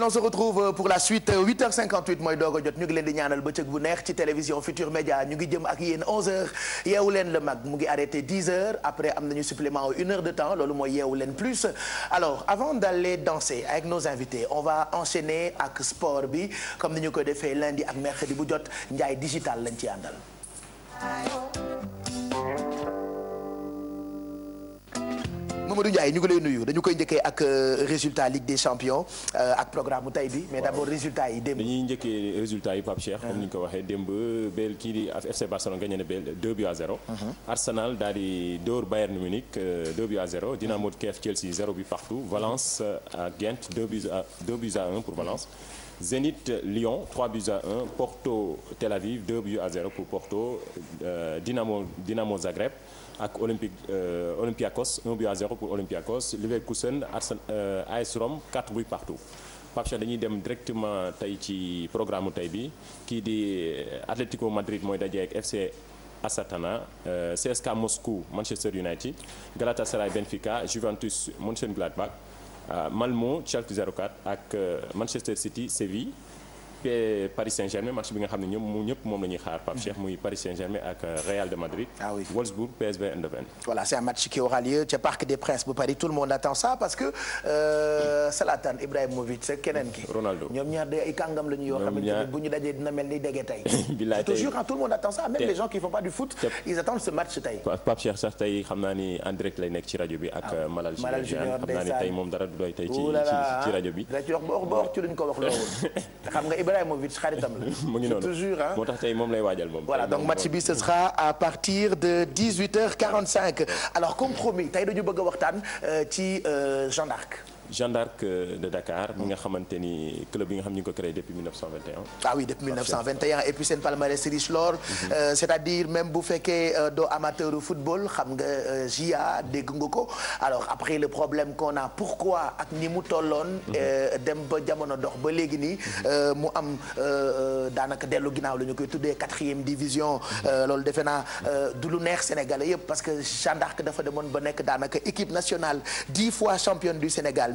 et on se retrouve euh, pour la suite euh, a jot ñu ngi leen di leen le ngi arrêté 10h après am nañu supplément une heure de temps loolu mooy yeewu leen plus alors avant d'aller danser avec nos invités on ni ñu ko defee lundi ak mercredi bu jot Ndiaye digital lañ ci àndal. Mamadou Ndiaye ñu lay nuyu dañu koy njëkkee ak euh, résultat Ligue des champions euh, ak programme mu tey bi mais d'abord résultat yi démb. dañuy njëkkee résultat yi Pape Cheikh comme ni ñu ko waxee démb bel kii di FC Barcelone gagné na bel 2 buts à 0. Mhm. Arsenal daal di dóor Bayern Munich 2 euh, buts à 0 Dynamo Kiev Chelsea 0 but partout Valence ak Gent 2 buts à 2 buts à 1 pour Valence. Zénith Lyon Porto Tel Aviv 2 buts à 0 pour Porto Dynamo Dynamo Zagreb. ak Olympique euh, Olympiakos 1 but à 0 pour Olympiakos Leverkusen Arsenal euh, AS Rome 4 partout. Pape dañuy dem directement tey ci programme mu tey bi kii di euh, Atlético Madrid mooy daje ak FC. Asatana euh, CSK Moscou Manchester United Galatasaray Benfica Juventus Mönchengladbach euh, Malmo Schalke ak euh, Manchester City Séville Euh, Paris Saint-Germain match bi nga xam ne ñoom ñëpp moom la xaar Pape muy Paris Saint-Germain ak euh, Real de Madrid. Ah Wolfsburg PSV Eindhoven. voilà c'est un match qui aura lieu ca Parc des Princes bu Paris tout le monde attend ça parce que euh, Zlatan Ibrahimovic ak keneen ki. Ronaldo bu ñu dajee dina mel ni dégg tey. bilaay toujours quand ah, tout le monde attend ça même les gens qui font pas du foot. ils attendent ce match tey. Pape sax Ibrahimovic xaritam la. mu ngi noonu toujours moo tax tey moom lay waajal moom. voilà donc match bi ce sera à partir tey dañu bëgg a waxtaan euh, ci euh, Jeanne d'Arc. Jeanne d'Arc euh, de Dakar. mi nga xamante ni club bi nga xam ñu ngi ko créé depuis 1921. ah oui depuis 1921 et puis seen mhm. euh, c'est-à-dire même bu fekkee euh, doo amateur u football xam nga JA dégg nga ko alors après le problème qu'on a pourquoi ak ni mu tolloon. Mhm. dem ba jamono dox ba léegi nii. Mhm. mu am daanaka dellu ginnaaw la ñu koy tuddee quatrième division. loolu defe naa du lu neex Sénégalais yëpp parce que Jeanne d'Arc dafa demoon ba nekk daanaka équipe nationale dix fois championne du Sénégal.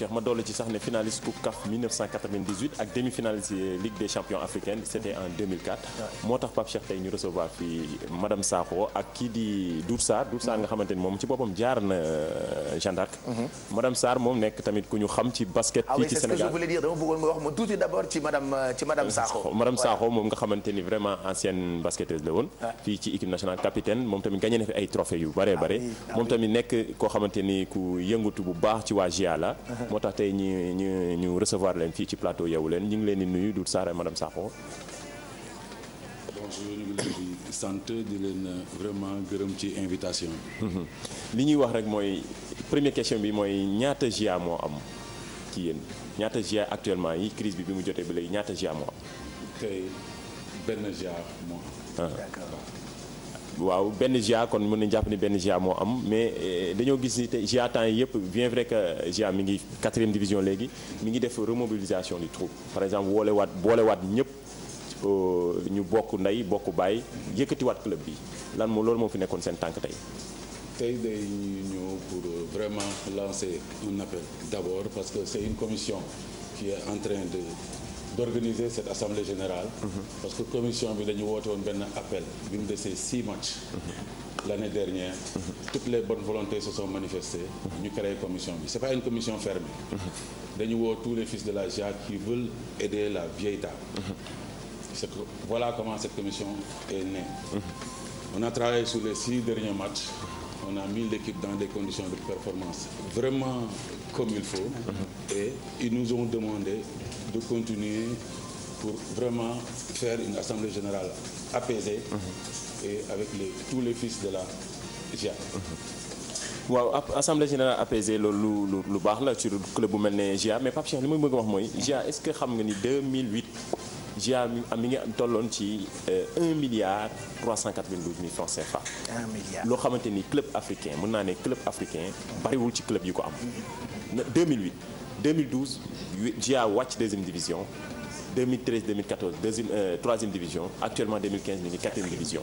Cheikh ma dolli ci sax ne di Dour Sarr Dour Sarr nga xamante ni moom ci boppam jaar na euh, Jeanne d'Arc. Mhm. madame moom nekk tamit ku ñu xam ci basket. Ah fii ci Sénégal ah oui que je voulais dire dama bëggoon nga wax ma tuuti d'abord ci madame euh, ci madame Sakho. madame Sakho moom nga xamante ni vraiment ancienne basketteuse la woon. fii ci équipe nationale capitaine moom tamit gagné na fi ay trophées yu bare ah bare ah moom tamit nekk koo xamante ni ku yëngatu bu baax ci waa GIA la mhm. moo tax tey ñu ñu ñu recevoir leen fii ci plateau Yeewu Leen ñu ngi leen di nuyu Doudou Sarr madame Sakho. ñu sant di leen euh, vraiment gërëm ci invitation mm-hmm. li ñuy wax rek mooy première question bi mooy ñaata GIA moo am ci yéen ñaata GIA actuellement yi crise bi bi mu jotee ba léegi ñaata GIA moo am. waaw benn GIA kon mën nañu jàpp ni benn GIA moo am mais eh, dañoo gis ni te GIA temps yëpp bien vrai que GIA mi ngi quatrième division léegi mi ngi def remobilisation du troupe par exemple woole boole boolewaat ñëpp euh, ñu bokk ndey bokk baay yëkkatiwaat club bi lan moo loolu moo fi nekkoon seen tànk tey. tey day ñëw pour euh, vraiment lancer un appel d'abord parce que c'est une commission qui est en train de. d'organiser cette assemblée générale parce que commission bi dañu woote woon benn appel bi mu desee six matchs l'année dernière toutes les bonnes volontés se sont manifestées ñu créé commission bi c'est pas une commission fermée dañu woo tous les fils de la JA qui veulent aider la vieille dame c'est que voilà comment cette commission est née on a travaillé sur les six derniers matchs on a mis l'équipe dans des conditions de performance vraiment comme il faut et ils nous ont demandé de continuer pour vraiment faire une assemblée générale apaisée mhm. et avec les, tous les fils de la GIA. Mhm. waaw assemblée générale apaisée loolu lu lu baax la ci club bu mel ne GIA mais Pape li ma bëgg wax mooy GIA est-ce que xam nga ni 2008 GIA mi ngi am tolloon ci 1 euh, milliard 392 mille francs CFA. 1 milliard loo xamante ni club africain mën naa ne club africain bariwul ci club yi ko am. 2008. Mhm. 2012 JA wàcc deuxième division 2013 2014 deuxième euh, troisième division actuellement 2015 ñu ngi quatrième division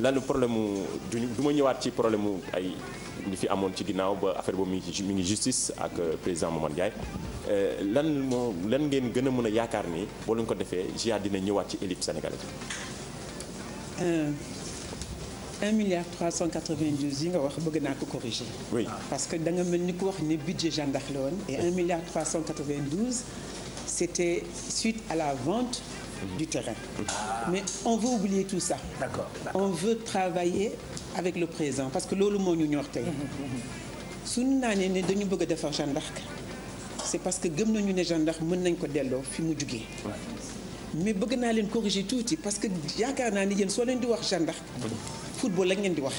lan problème mu du du ma ñëwaat ci problème mu ay li fi amoon ci ginnaaw ba affaire boobu mi ngi mi ngi justice ak euh, président Mamadou Ndiaye euh, lan moo lan ngeen gën a mën a yaakaar ni boo leen ko defee JA dina ñëwaat ci élite sénégalaise. un milliard trois cent quatre-vingt-douze yi nga wax bëgg naa ko corriger. oui parce que danga mel ni ko wax ne budget gendarme la woon. et un milliard trois cent quatre-vingt-douze c'était suite à la vente. Mhm. du terrain. Ah. mais on veut oublier tout ça. d'accord, d'accord. on veut travailler avec le présent parce que loolu moo ñu ñor tey. Mhm, mhm, suñu naanee ne dañu bëgg a defar gendarme c'est parce que gëm nañu ne gendarme mën nañ ko delloo fi mu jugee. mais bëgg naa leen corriger tuuti parce que yaakaar naa ni yéen soo leen di wax Jeanne d'Arc football la ngeen di wax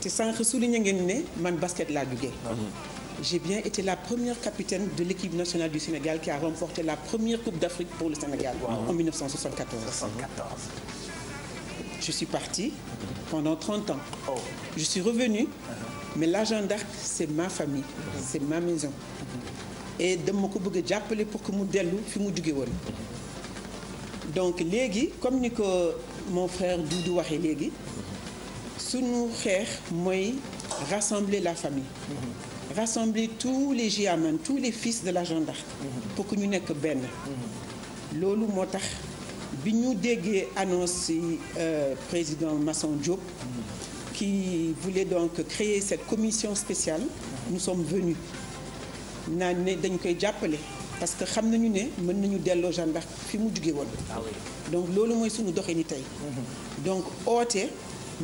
te sànq souligné ngeen ne man basket laa jugee j'ai bien été la première capitaine de l'équipe nationale du Sénégal qui a remporté la première Coupe d'Afrique pour le Sénégal en 1974 74 je suis partie pendant 30 ans oh. je suis revenue mais la Jeanne d'Arc c'est ma famille c'est ma maison et dama ko bëgg a jàppale pour que mu dellu fi mu jugee woon donc léegi comme ni ko mon frère Doudou waxee léegi sunu xeex mooy rassembler la famille. rassembler tous les Giaman tous les fils de la Jeanne d'Arc pour que ñu nekk benn. loolu moo tax bi ñu déggee annonce ci euh, président Masson Diop. qui voulait donc créer cette commission spéciale. nous sommes venus naan ne dañ koy jàppale. parce que xam nañu ne mën nañu delloo Jeanne d'Arc fi mu jugee woon. Ah donc loolu mooy suñu doxe ni tey. Mm-hmm. donc oote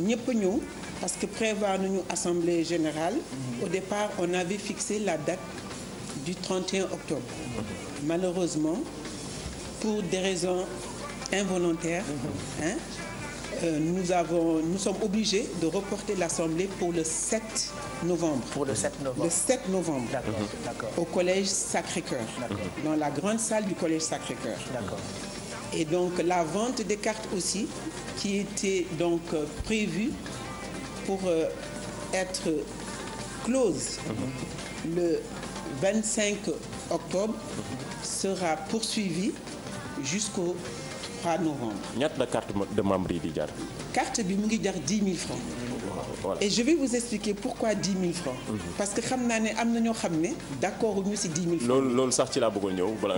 ñëpp ñëw parce que prévoir nañu assemblée générale. Mm-hmm. au départ on avait fixé la date du 31 octobre. Mm-hmm. malheureusement pour des raisons involontaires. Hein, euh, nous avons nous sommes obligés de reporter l'assemblée pour le 7 Pour le 7 novembre. Le 7 novembre. D'accord, mhm. d'accord. Au collège Sacré-Cœur. D'accord. Dans la grande salle du collège Sacré-Cœur. donc la vente des aussi qui donc euh, prévue pour euh, être close mm -hmm. le 3 novembre. ñaata la carte de membre yi di jar. carte bi mu ngi jar 10 000 francs. voilà et je vais vous expliquer pourquoi 10 000 francs. Mhm. parce que xam naa ne am na ñoo xam ne d' accord ñu si 10 000 francs. loolu loolu sax ci laa bëggoon ñëw. voilà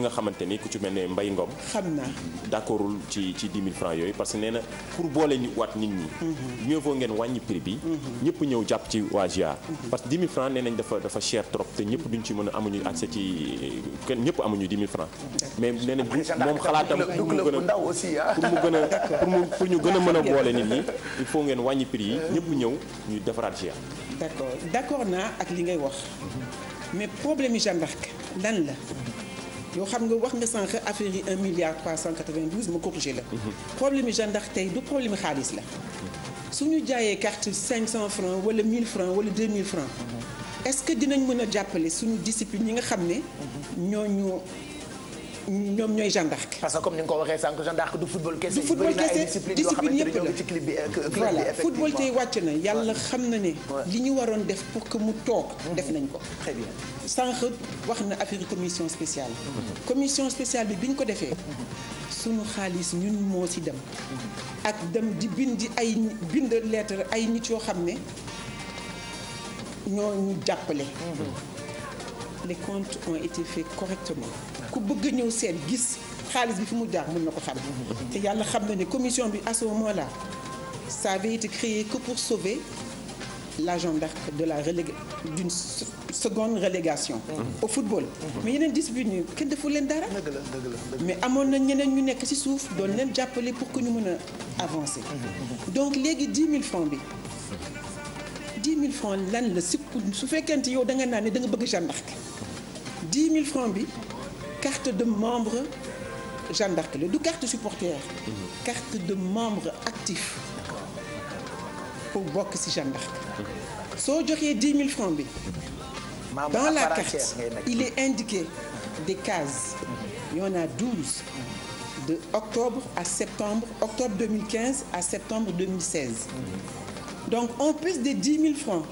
nga xamante ni ku ci mel ne Mbaye Ngom. xam naa d' accordul ci ci 10 000 yooyu parce que nee na pour boole ñu waat nit ñi. Mhm. mieux vaut bi. Mhm. ñëpp ñëw jàpp ci waa GIA. parce que 10 000 francs nee a amuñu accès ci kenn ñëpp amuñu 10 000 francs. mais nee na moom xalaatam ah. pour mu gën a pour mu gën mën a boole nit ñi il faut ngeen wàññi prix yi ñëpp ñëw ñu defaraat GIA. d'accord d'accord naa ak li ngay wax mais problème yi Jeanne lan la yoo xam nga wax nga sànq affaire yi 1 milliard ma corrigé la. Mhm. problème yi Jeanne d'Arc tey du problème xaalis la. su ñu jaayee carte 500 francs wala 1000 francs wala 2000 francs mhm. est-ce que dinañ mën a jàppale suñu discipline yi nga xam ne. Mhm. ñooñu. ñoom ñooy Jeanne que comme ni nga ko waxee sànq Jeanne d'Arc du football kese. du football kese discipline yëpp la ci euh, football tey wàcc na yàlla xam na ne. li ñu waroon def pour que mu toog. Mm-hmm. def nañ ko. très bien sànq wax na affaire commission spéciale. Mm-hmm. commission spéciale bi bi ñu ko defee. Mm-hmm. sunu xaalis ñun moo ci dem. ak dem di bind ay bind lettre ay nit yoo xam ne ñoo ñu jàppale. les comptes ont été faits correctement ku bëgg ñëw seet gis xaalis bi fi mu jaar mun na ko xam te yàlla xam na ne commission bi à ce moment là ça avait été créé que pour sauver la Jeanne d'Arc de la relég d'une seconde relégation au football mais yeneen discipline yi kenn defu leen dara mais amoon na ñeneen ñu nekk ci suuf doon leen jàppale pour que ñu mën a avancer mmh, mmh, mmh. donc léegi 10 000 francs bi dix mille francs lan la si su fekkente yow da nga naan ne da nga bëgg Jeanne d'Arc mille francs bi carte de membre Jeanne d'Arc la du carte supporter mhm. carte de membre actif pour bokk ci Jeanne d'Arc mhm. soo joxee dix mille francs bi dans la carte il est indiqué des cases mhm. il y en a douze de octobre à septembre octobre 2015 à septembre donc en plus de 10 000 francs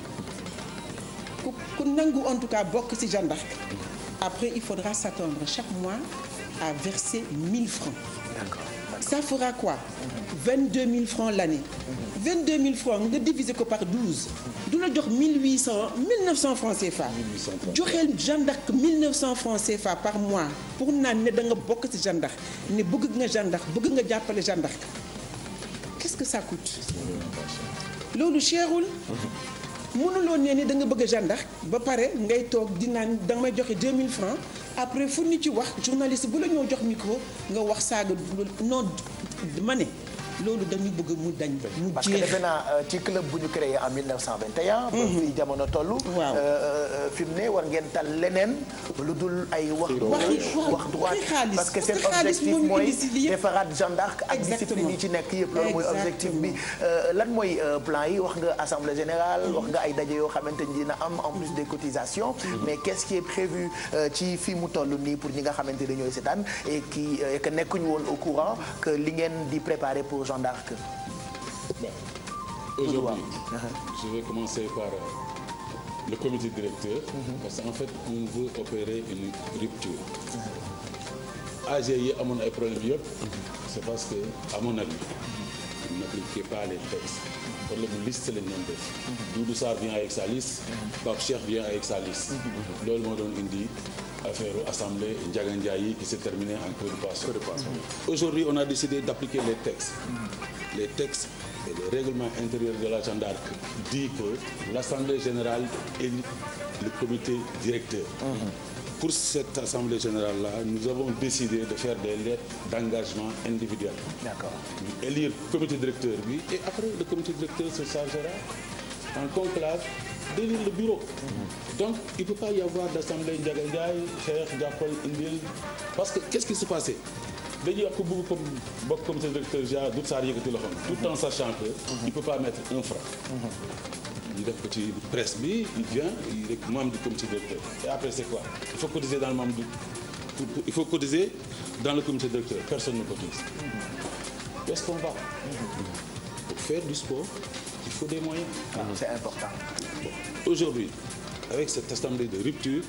ku ku nangu en tout cas bokk ci Jeanne d'Arc après il faudra s'attendre chaque mois à verser 1000 francs d'accord ça fera quoi 22 000 francs l'année 22 000 francs nga diviser ko par 12 du la jox 1800 1900 francs CFA joxeel Jeanne d'Arc 1900 francs CFA par mois pour naan ne da nga bokk ci Jeanne d'Arc ne bëgg nga Jeanne d'Arc bëgg nga jàppale Jeanne d'Arc qu'est-ce que ça coûte loolu cherul. mënuloon nee ni danga nga bëgg a Jeanne ba pare ngay toog di naan da nga may joxe 2000 francs après fu ñu ci wax journaliste bu la ñoo jox micro nga wax saaga non ma ne loolu dañu bëgg mu dañ. mu jeex parce que defe naa euh, ci club bu ñu créé en 1921. ba mhm. fii jamono toll. waaw euh, euh, mu ne war ngeen tal leneen lu dul ay wax. wax droit parce que seen objectif mooy defaraat Jeanne d'Arc ak discipline yi ci nekk yëpp loolu mooy objectif bi. lan mooy plan yi wax nga assemblée générale mhm. wax nga ay daje yoo xamante ni dina am en plus des cotisations. Mhm. mais qu'est-ce prévu ci fi mu toll nii pour ñi nga xamante ne ñooy seetaan et qui que nekkuñu wo au courant que ngeen di préparer Jeanne d'Arc Bon, aujourd'hui, je vais commencer par euh, le comité directeur. Mhm. parce qu'en fait on veut opérer une rupture. Mhm. AG yi amoon ay problèmes yëpp. Mhm. c'est parce que à mon avis. on n'appliquait pas les textes. problème liste lañ doon def. Doudou Sarr vient avec sa liste. Pape vient avec sa liste. loolu moo doon indi. affaire assemblée Ndiaga Ndiaye qui s'est terminée en queue de poisson. Aujourd'hui, on a décidé d'appliquer les textes. Les textes et le de la Jeanne d'Arc dit que l'assemblée générale élit le comité directeur. Mm-hmm. Pour cette assemblée générale-là, nous avons décidé de faire des lettres d'engagement individuelles. D'accord. comité directeur, et après le comité directeur se chargera en conclave derrière le bureau. donc il ne peut pas y avoir d'assemblée Ndiaga Ndiaye xeex jàppal indil parce que qu'est-ce qui se passait dañuy wax ko bëgg comme bokk comité directeur ja Dout Sarr yëkkati loxoom tout en sachant il peut pas mettre un franc ñu def ko ci presse bi il vient il est membre du comité directeur et après c'est quoi il faut cotiser dans le membre du il faut cotiser dans le comité directeur personne ne cotise où est-ce qu'on va pour faire du sport il faut des moyens ah, c'est important Aujourd'hui, avec cette assemblée de rupture,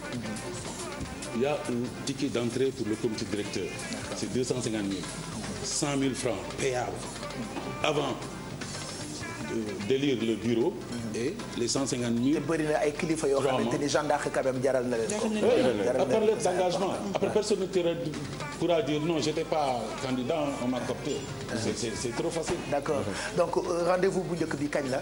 il y a un ticket d'entrée pour le comité directeur. C'est 250 000. 100 000 francs payables avant de d'élire le bureau. et les 150 000. te bëri na ay kilifa yoo xamante ni gendarme après personne ne pourra dire non j'étais pas candidat on m'a c'est trop facile. donc euh, rendez-vous bu njëkk bi la.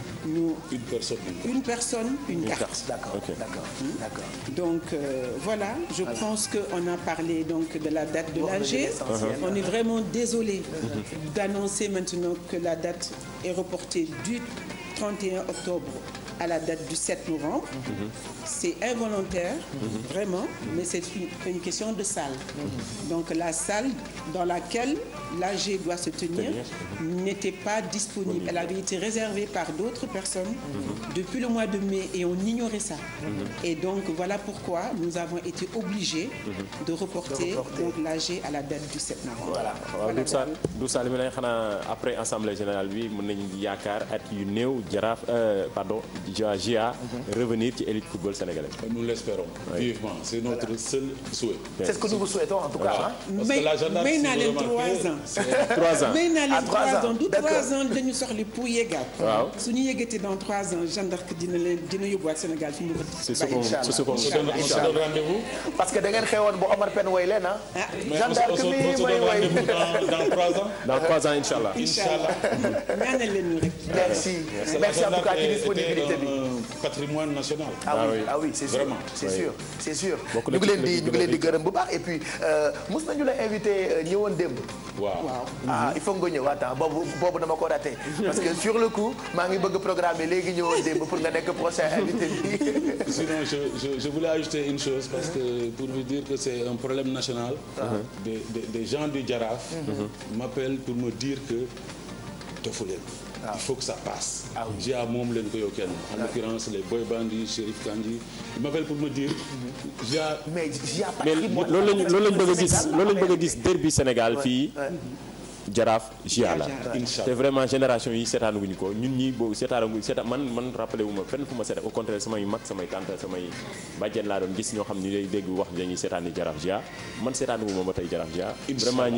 nous. Une personne. Une personne, une, une carte. carte. D'accord, okay. d'accord, mmh. d'accord. Donc euh, voilà, je voilà. pense qu'on a parlé donc de la date de l'AG. Uh-huh. On est vraiment désolé mhm. d'annoncer maintenant que la date est reportée du 31 octobre à la date du 7 novembre. Mm -hmm. C'est involontaire, mm -hmm. vraiment, mais c'est une, une, question de salle. Donc la salle dans laquelle l'AG doit se tenir n'était pas disponible. Elle avait été réservée par d'autres personnes depuis le mois de mai et on ignorait ça. Et donc voilà pourquoi nous avons été obligés de reporter, reporter. donc l'AG à la date du 7 novembre. Voilà. voilà. voilà. voilà. après assemblée générale bi mën nañu yaakaar at yu néew jaraaf euh, pardon JA revenir ci élite football sénégalais. nous l'espérons vivement c'est notre seul souhait. c'est ce que nous vous souhaitons en tout cas. parce ans. trois ans may trois ans du ans dañu ans Jeanne d'Arc dina leen dina yóbbuwaat Sénégal fi mu ko. c'est ce qu'on c'est ce qu'on donne vous parce que da ngeen xewoon bu Omar Pène woy leen ah. ah. Jeanne d'Arc mii may woy dans trois ans. dans trois ans incha allah. incha allah ñaanal leen ñu rek. merci merci en tout diggante bi euh, patrimoine national. ah oui ah oui ah c'est sûr c'est sûr leen di ñu gërëm bu baax et puis euh, mos nañu la invité euh, ñëwoon démb. waaw ah il faut nga ñëw attends ah, boobu boobu dama ko raté. parce que sur le coup maa ngi bëgg programmer léegi ñëwoon démb pour nga nekk prochain invité bi. sinon je voulais ajouter une chose parce que pour vous dire que c'est un problème national. Ah. des des gens du Jaraaf. Mhm. m'appellent pour me dire que defu Ah. il faut que ça passe. ah oui Dia moom leen ko yow kenn. en l'occurrence les boy bandi Chérif Kandji il m'appelle pour me dire. Dia mm-hmm. mais Dia. loolu lañu loolu lañu bëgg a gis loolu lañu bëgg a gis derby Sénégal fii. jaraaf jia la te vraiment génération yi seetaan wuñu ko ñun ñi boobu seetaan man man rappelé wu fu ma seetaan au contraire samay mag samay tante samay bàjjen laa doon gis ñoo xam ni dégg wax dañuy seetaan jaraaf jia man seetaan wu tey jaraaf jia vraiment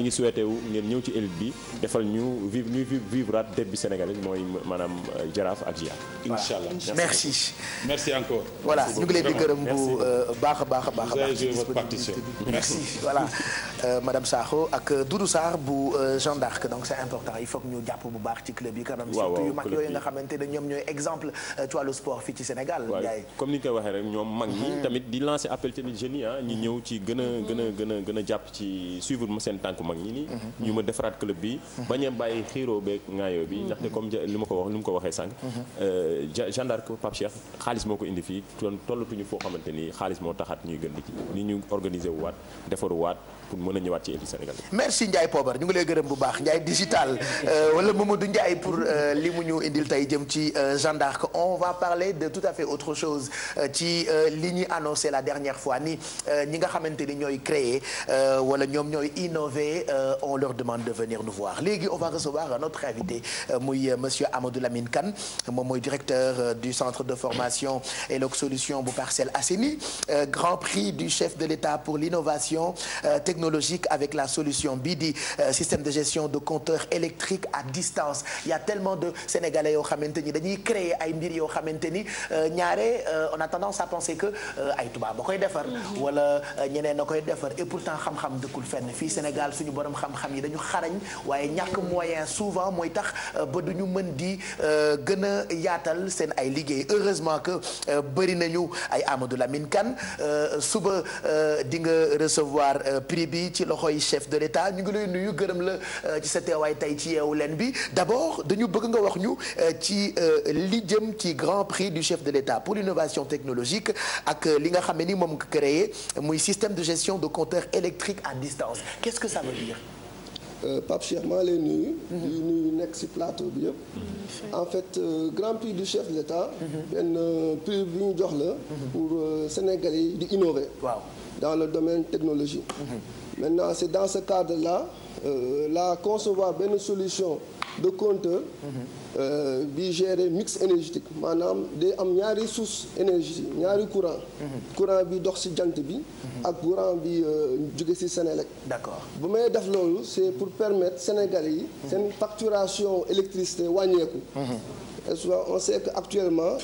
merci encore voilà ñu ngi leen gërëm bu euh, baax a baax a baax a baax merci voilà euh, madame Sakho ak euh, Doudou Sarr bu d'arc donc c'est euh, comme ni nga koy waxee rek hmm. ah, hmm. a gën a gën a a jàpp hmm. club bi bañ a bàyyi xiiroo beeg ngaayoo bi ndaxte comme li ma ko waxee sànq euh, Jeanne d'Arc xaalis moo ko indi fii tollatuñu foo xamante ni xaalis moo taxaat ñuy gën di ni ñu organiser waat defaru waat pour mën a ñëwaat ci équipe Sénégal merci Ndiaye Pobar ñu ngi lay gërëm bu baax Ndiaye digital euh, wala Mamadou Ndiaye pour euh, li mu ñu indil tey jëm ci euh, Jeanne d'Arc on va parler de tout à fait autre chose ci li ñuy annoncé la dernière fois ni ñi nga xamante ni ñooy créer wala ñoom ñooy innover on leur demande de venir nous voir léegi on va recevoir notre invité muy monsieur Amadou Lamine Kane moom mooy directeur du centre de formation et donc solution bu Parcelles Assainies grand prix du chef de l'État pour l'innovation technologique avec la solution bii di système de gestion gestion de compteurs électriques à distance ya y a tellement de sénégalais yoo xamante ni dañuy créer ay mbir yoo xamante ni euh, ñaare euh, on a sa à penser que euh, ay tubaab ba koy defar. Mm-hmm. wala ñeneen a koy defar et pourtant xam-xam dëkkul fenn fii Sénégal suñu borom xam-xam yi dañu xarañ waaye ñàkk mm-hmm. moyen souvent mooy tax ba du ñu mën di gën a yaatal seen ay liggéey heureusement que bëri nañu ay Amadou Lamine Kane suba di nga recevoir prix bi ci loxoy chef de l'État ñu ngi lay nuyu gërëm la. Euh, ci sa teewaay tey ci yeewu leen bi d'abord dañu bëgg nga wax ñu euh, ci euh, li jëm ci grand prix du chef de l'État pour l'innovation technologique ak li nga xam ne ni moom nga muy système de gestion de compteurs électriques à distance qu'est-ce que ça veut dire Pape Cheikh maa lay nuyu. Mhm. di nuyu nekk ci plateau mhm. en fait euh, grand prix du chef de l'État. Mhm. prix bu ñu jox la. pour euh, Sénégalais yi di innover. waaw dans le domaine technologie. Mm -hmm. maintenant c'est dans ce cadre-là. Euh, la concevoir benn solution de compteur euh, bi gérer mix énergétique maanaam day am ñaari source énergie ñaari courant courant bi dox ci jant bi ak courant bi euh, jóge ci Sénélec d'accord bu may def loolu c'est pour permettre Sénégalais yi seen facturation électricité wàññeeku mhm. on sait que actuellement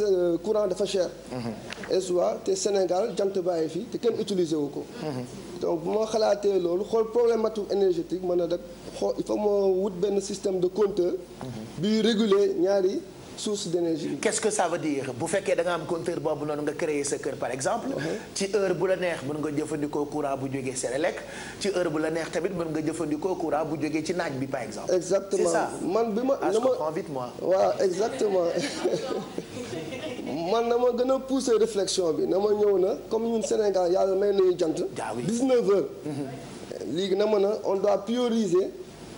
Euh, courant dafa cher. Mhm. et souvent te Sénégal jant bàyyi fii te kenn utiliser wu ko. Mhm. donc bu ma xalaatee loolu xool problématique énergétique mën na nag xool il faut moo wut benn système de compteur. Mhm. bi réguler ñaari. source d'énergie. qu'est-ce que ça veut dire bu fekkee danga am compteur boobu noonu nga créer sa kër par exemple. ci heure bu la neex mën nga jëfandikoo courant bu jógee Sénélec ci heure bu la neex tamit mën nga jëfandikoo courant bu jógee ci naaj bi par exemple. exactement man bi ma. ah je comprends vite exactement. man na ma gën a pousser réflexion bi na ma ñëw na comme ñun Sénégal yàlla may nañu jant. 19 heures. Mm-hmm. léegi na mën a on doit prioriser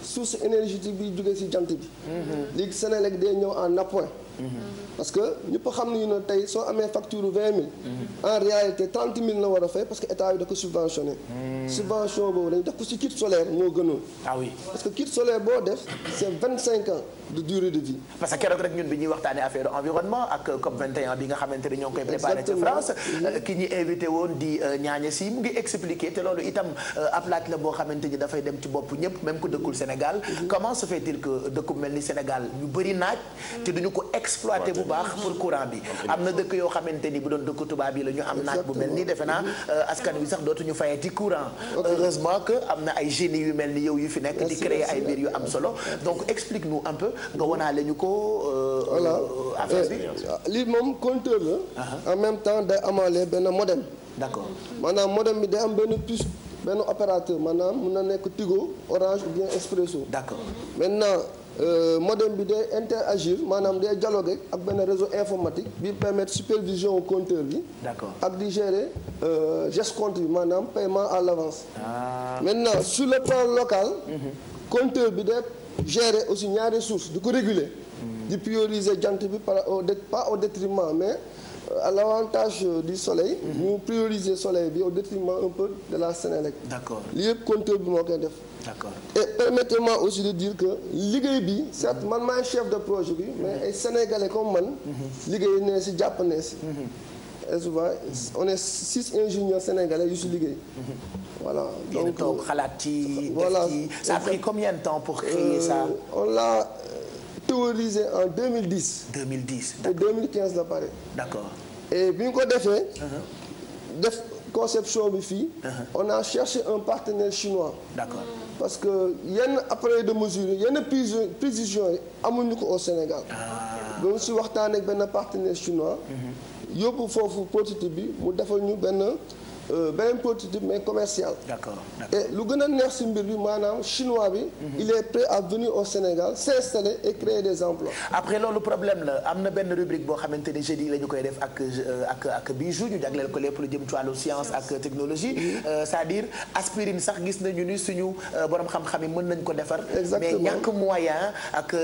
source énergétique bi jóge ci jant bi. Mm-hmm. léegi Sénélec dee ñëw en appoint. Mm-hmm. parce que ñëpp xam nañu ne tey soo amee facture vingt mille mm-hmm. en réalité trente mille la war a fay parce que état bi da ko mm. subvention boobu dañ def ko si kit solaire moo gënoon ah parce que kit solaire boo def c' vingt cinq ans de durée de vie parce que keroog rek ñun bi ñuy waxtaanee affaire environnement ak COP 21 bi nga xamante ne ñoo koy préparé ci France euh, ki ñu invité woon di ñaañe euh, si mu ngi expliqué te loolu itam euh, ab dem ci bopp ñëpp même ku dëkkul Sénégal mm-hmm. comment se fait-il exploité bu baax pour courant bi am na dëkk yoo xamante ni bu doon dëkk tubaab yi la ñu am naaj bu mel nii defe naa euh, askan wi sax dootuñu fayati courant heureusement que am na ay génie yu mel ni yow yu fi nekk di créer ay mbir yu am solo donc explique nous un peu nga wanaale ñu ko euh, voilà euh, affaire bi eh, lii moom compteur la uh-huh. en même temps day amaale benn modem d'accord maanaam modem bi day am benn puce benn opérateur maanaam mun na nekk Tigo Orange ou bien Expresso d'accord Euh, modem bi day interagir maanaam day dialoguer ak benn réseau informatique bi permettre supervision au bi. d'accord ak di gérer euh, geste compte bi maanaam paiement à l'avance. Ah. maintenant sur le plan local. Mm -hmm. bi day gérer aussi ñaari source di ko réguler. Mhm. di prioriser jant bi par au pas au détriment mais. Euh, à l'avantage du soleil. mu mhm. mm -hmm. prioriser soleil bi au détriment un peu de la Sénélec. d'accord li yëpp compteur bi moo koy def. d'accord et permettez aussi de dire que liggéey bi certes man maay chef de projet bi mais ay sénégalais comme man. liggéey ne si jàpp ne si. et souvent on est six ingénieurs sénégalais yu si liggéey. voilà donc toog xalaat ci. voilà ça a pris combien de temps pour créer euh, ça. on l'a euh, théorisé en 2010. 2010 d'accord te 2015 la pare. d'accord et bi ñu ko defee. Uh-huh. def. conception bi fii. Uh-huh. on a cherché un partenaire chinois. d'accord parce que yenn appareil de mesure yenn précision yi amuñu ko au Sénégal. donc ah. si waxtaan ak benn partenaire chinois. Uh-huh. yóbbu foofu prototype bi mu defal ñu benn. Euh, beneen prototype mais commercial. d'accord d'accord et lu gën a neex ci mbir bi maanaam chinois bi. Mhm. il est prêt à venir au Sénégal s'installer et créer des emplois. après loolu problème la am na benn rubrique boo xamante ni jeudi la ñu koy def ak euh, ak ak ñu jagleel ko lépp lu jëm ci wàllu science ak technologie. Euh, c'est-à-dire aspirine sax gis nañu ni suñu borom xam-xam yi mën nañ ko defar. exactement mais ñàkk moyen ak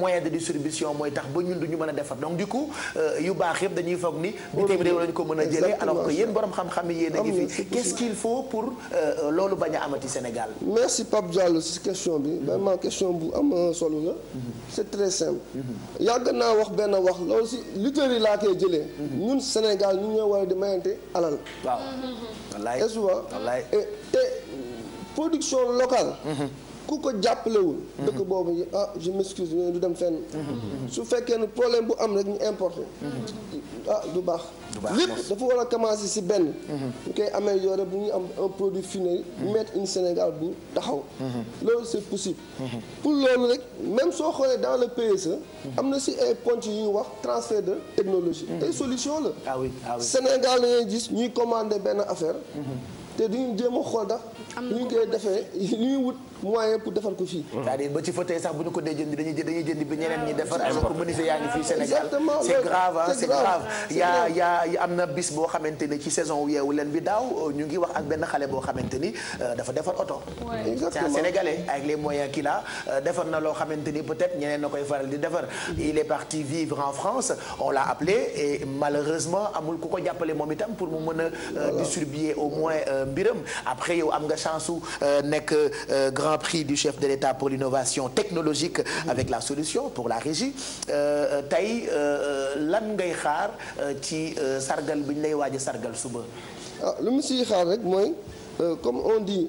moyen de distribution mooy tax ba ñun du ñu mën a defar donc du coup yu baax yëpp dañuy foog ni. yéen a ngi fi quest pour euh, loolu bañ a amati Sénégal. merci Pape Diallo si question bi mm-hmm. vraiment question bu am euh, solo la. Mm-hmm. c'est très simple. Mm-hmm. yàgg naa wax benn wax loolu si lutteurs laa koy jëlee. ñun Sénégal ñu ñoo war a di mayante alal. waaw te production locale. ku ko jàppalewul mm-hmm. dëkk boobu ah je m'excuse mais du dem fenn mm-hmm. su fekkee ne problème bu am rek ñu importé mm-hmm. ah du baax lépp dafa war a commencer ci benn ñu koy amee améliorer bu ñu am un produit fini mettre une Sénégal bu taxaw loolu c'est possible pour loolu rek même soo xoolee dans le PSE am na ci ay ponts yu ñuy wax transfert de technologie ay solution la ah oui ah Sénégal la ñuy gis benn affaire te duñu jéem a xool ndax. ñu koy defee ñu wut moyen pour defar ko fii. Mm. c'est-à-dire ba ci fauteuil sax bu ñu ko dee jënd dañuy dañuy jënd bi ñeneen ñi defar. alors que menuisier yaa ngi fii Sénégal c'est grave am na bis boo xamante ni ci saison yeewu leen bi daaw ñu ngi wax ak benn xale boo xamante ni euh, dafa defar oto. c'est un sénégalais avec les moyens qu'il a euh, defar na loo xamante ni peut-être ñeneen na koy faral di defar. Mm-hmm. il est parti vivre en France on l'a appelé et malheureusement amul ku ko jàppale moom itam pour mu mën a euh, distribuer mbiram après yow am nga chance u euh, nekk euh, grand prix du chef de l'État pour l'innovation technologique avec la solution pour la régie euh, tey lan ngay xaar ci sargal bi lay waaj sargal suba ah lu mu siy mooy comme on dit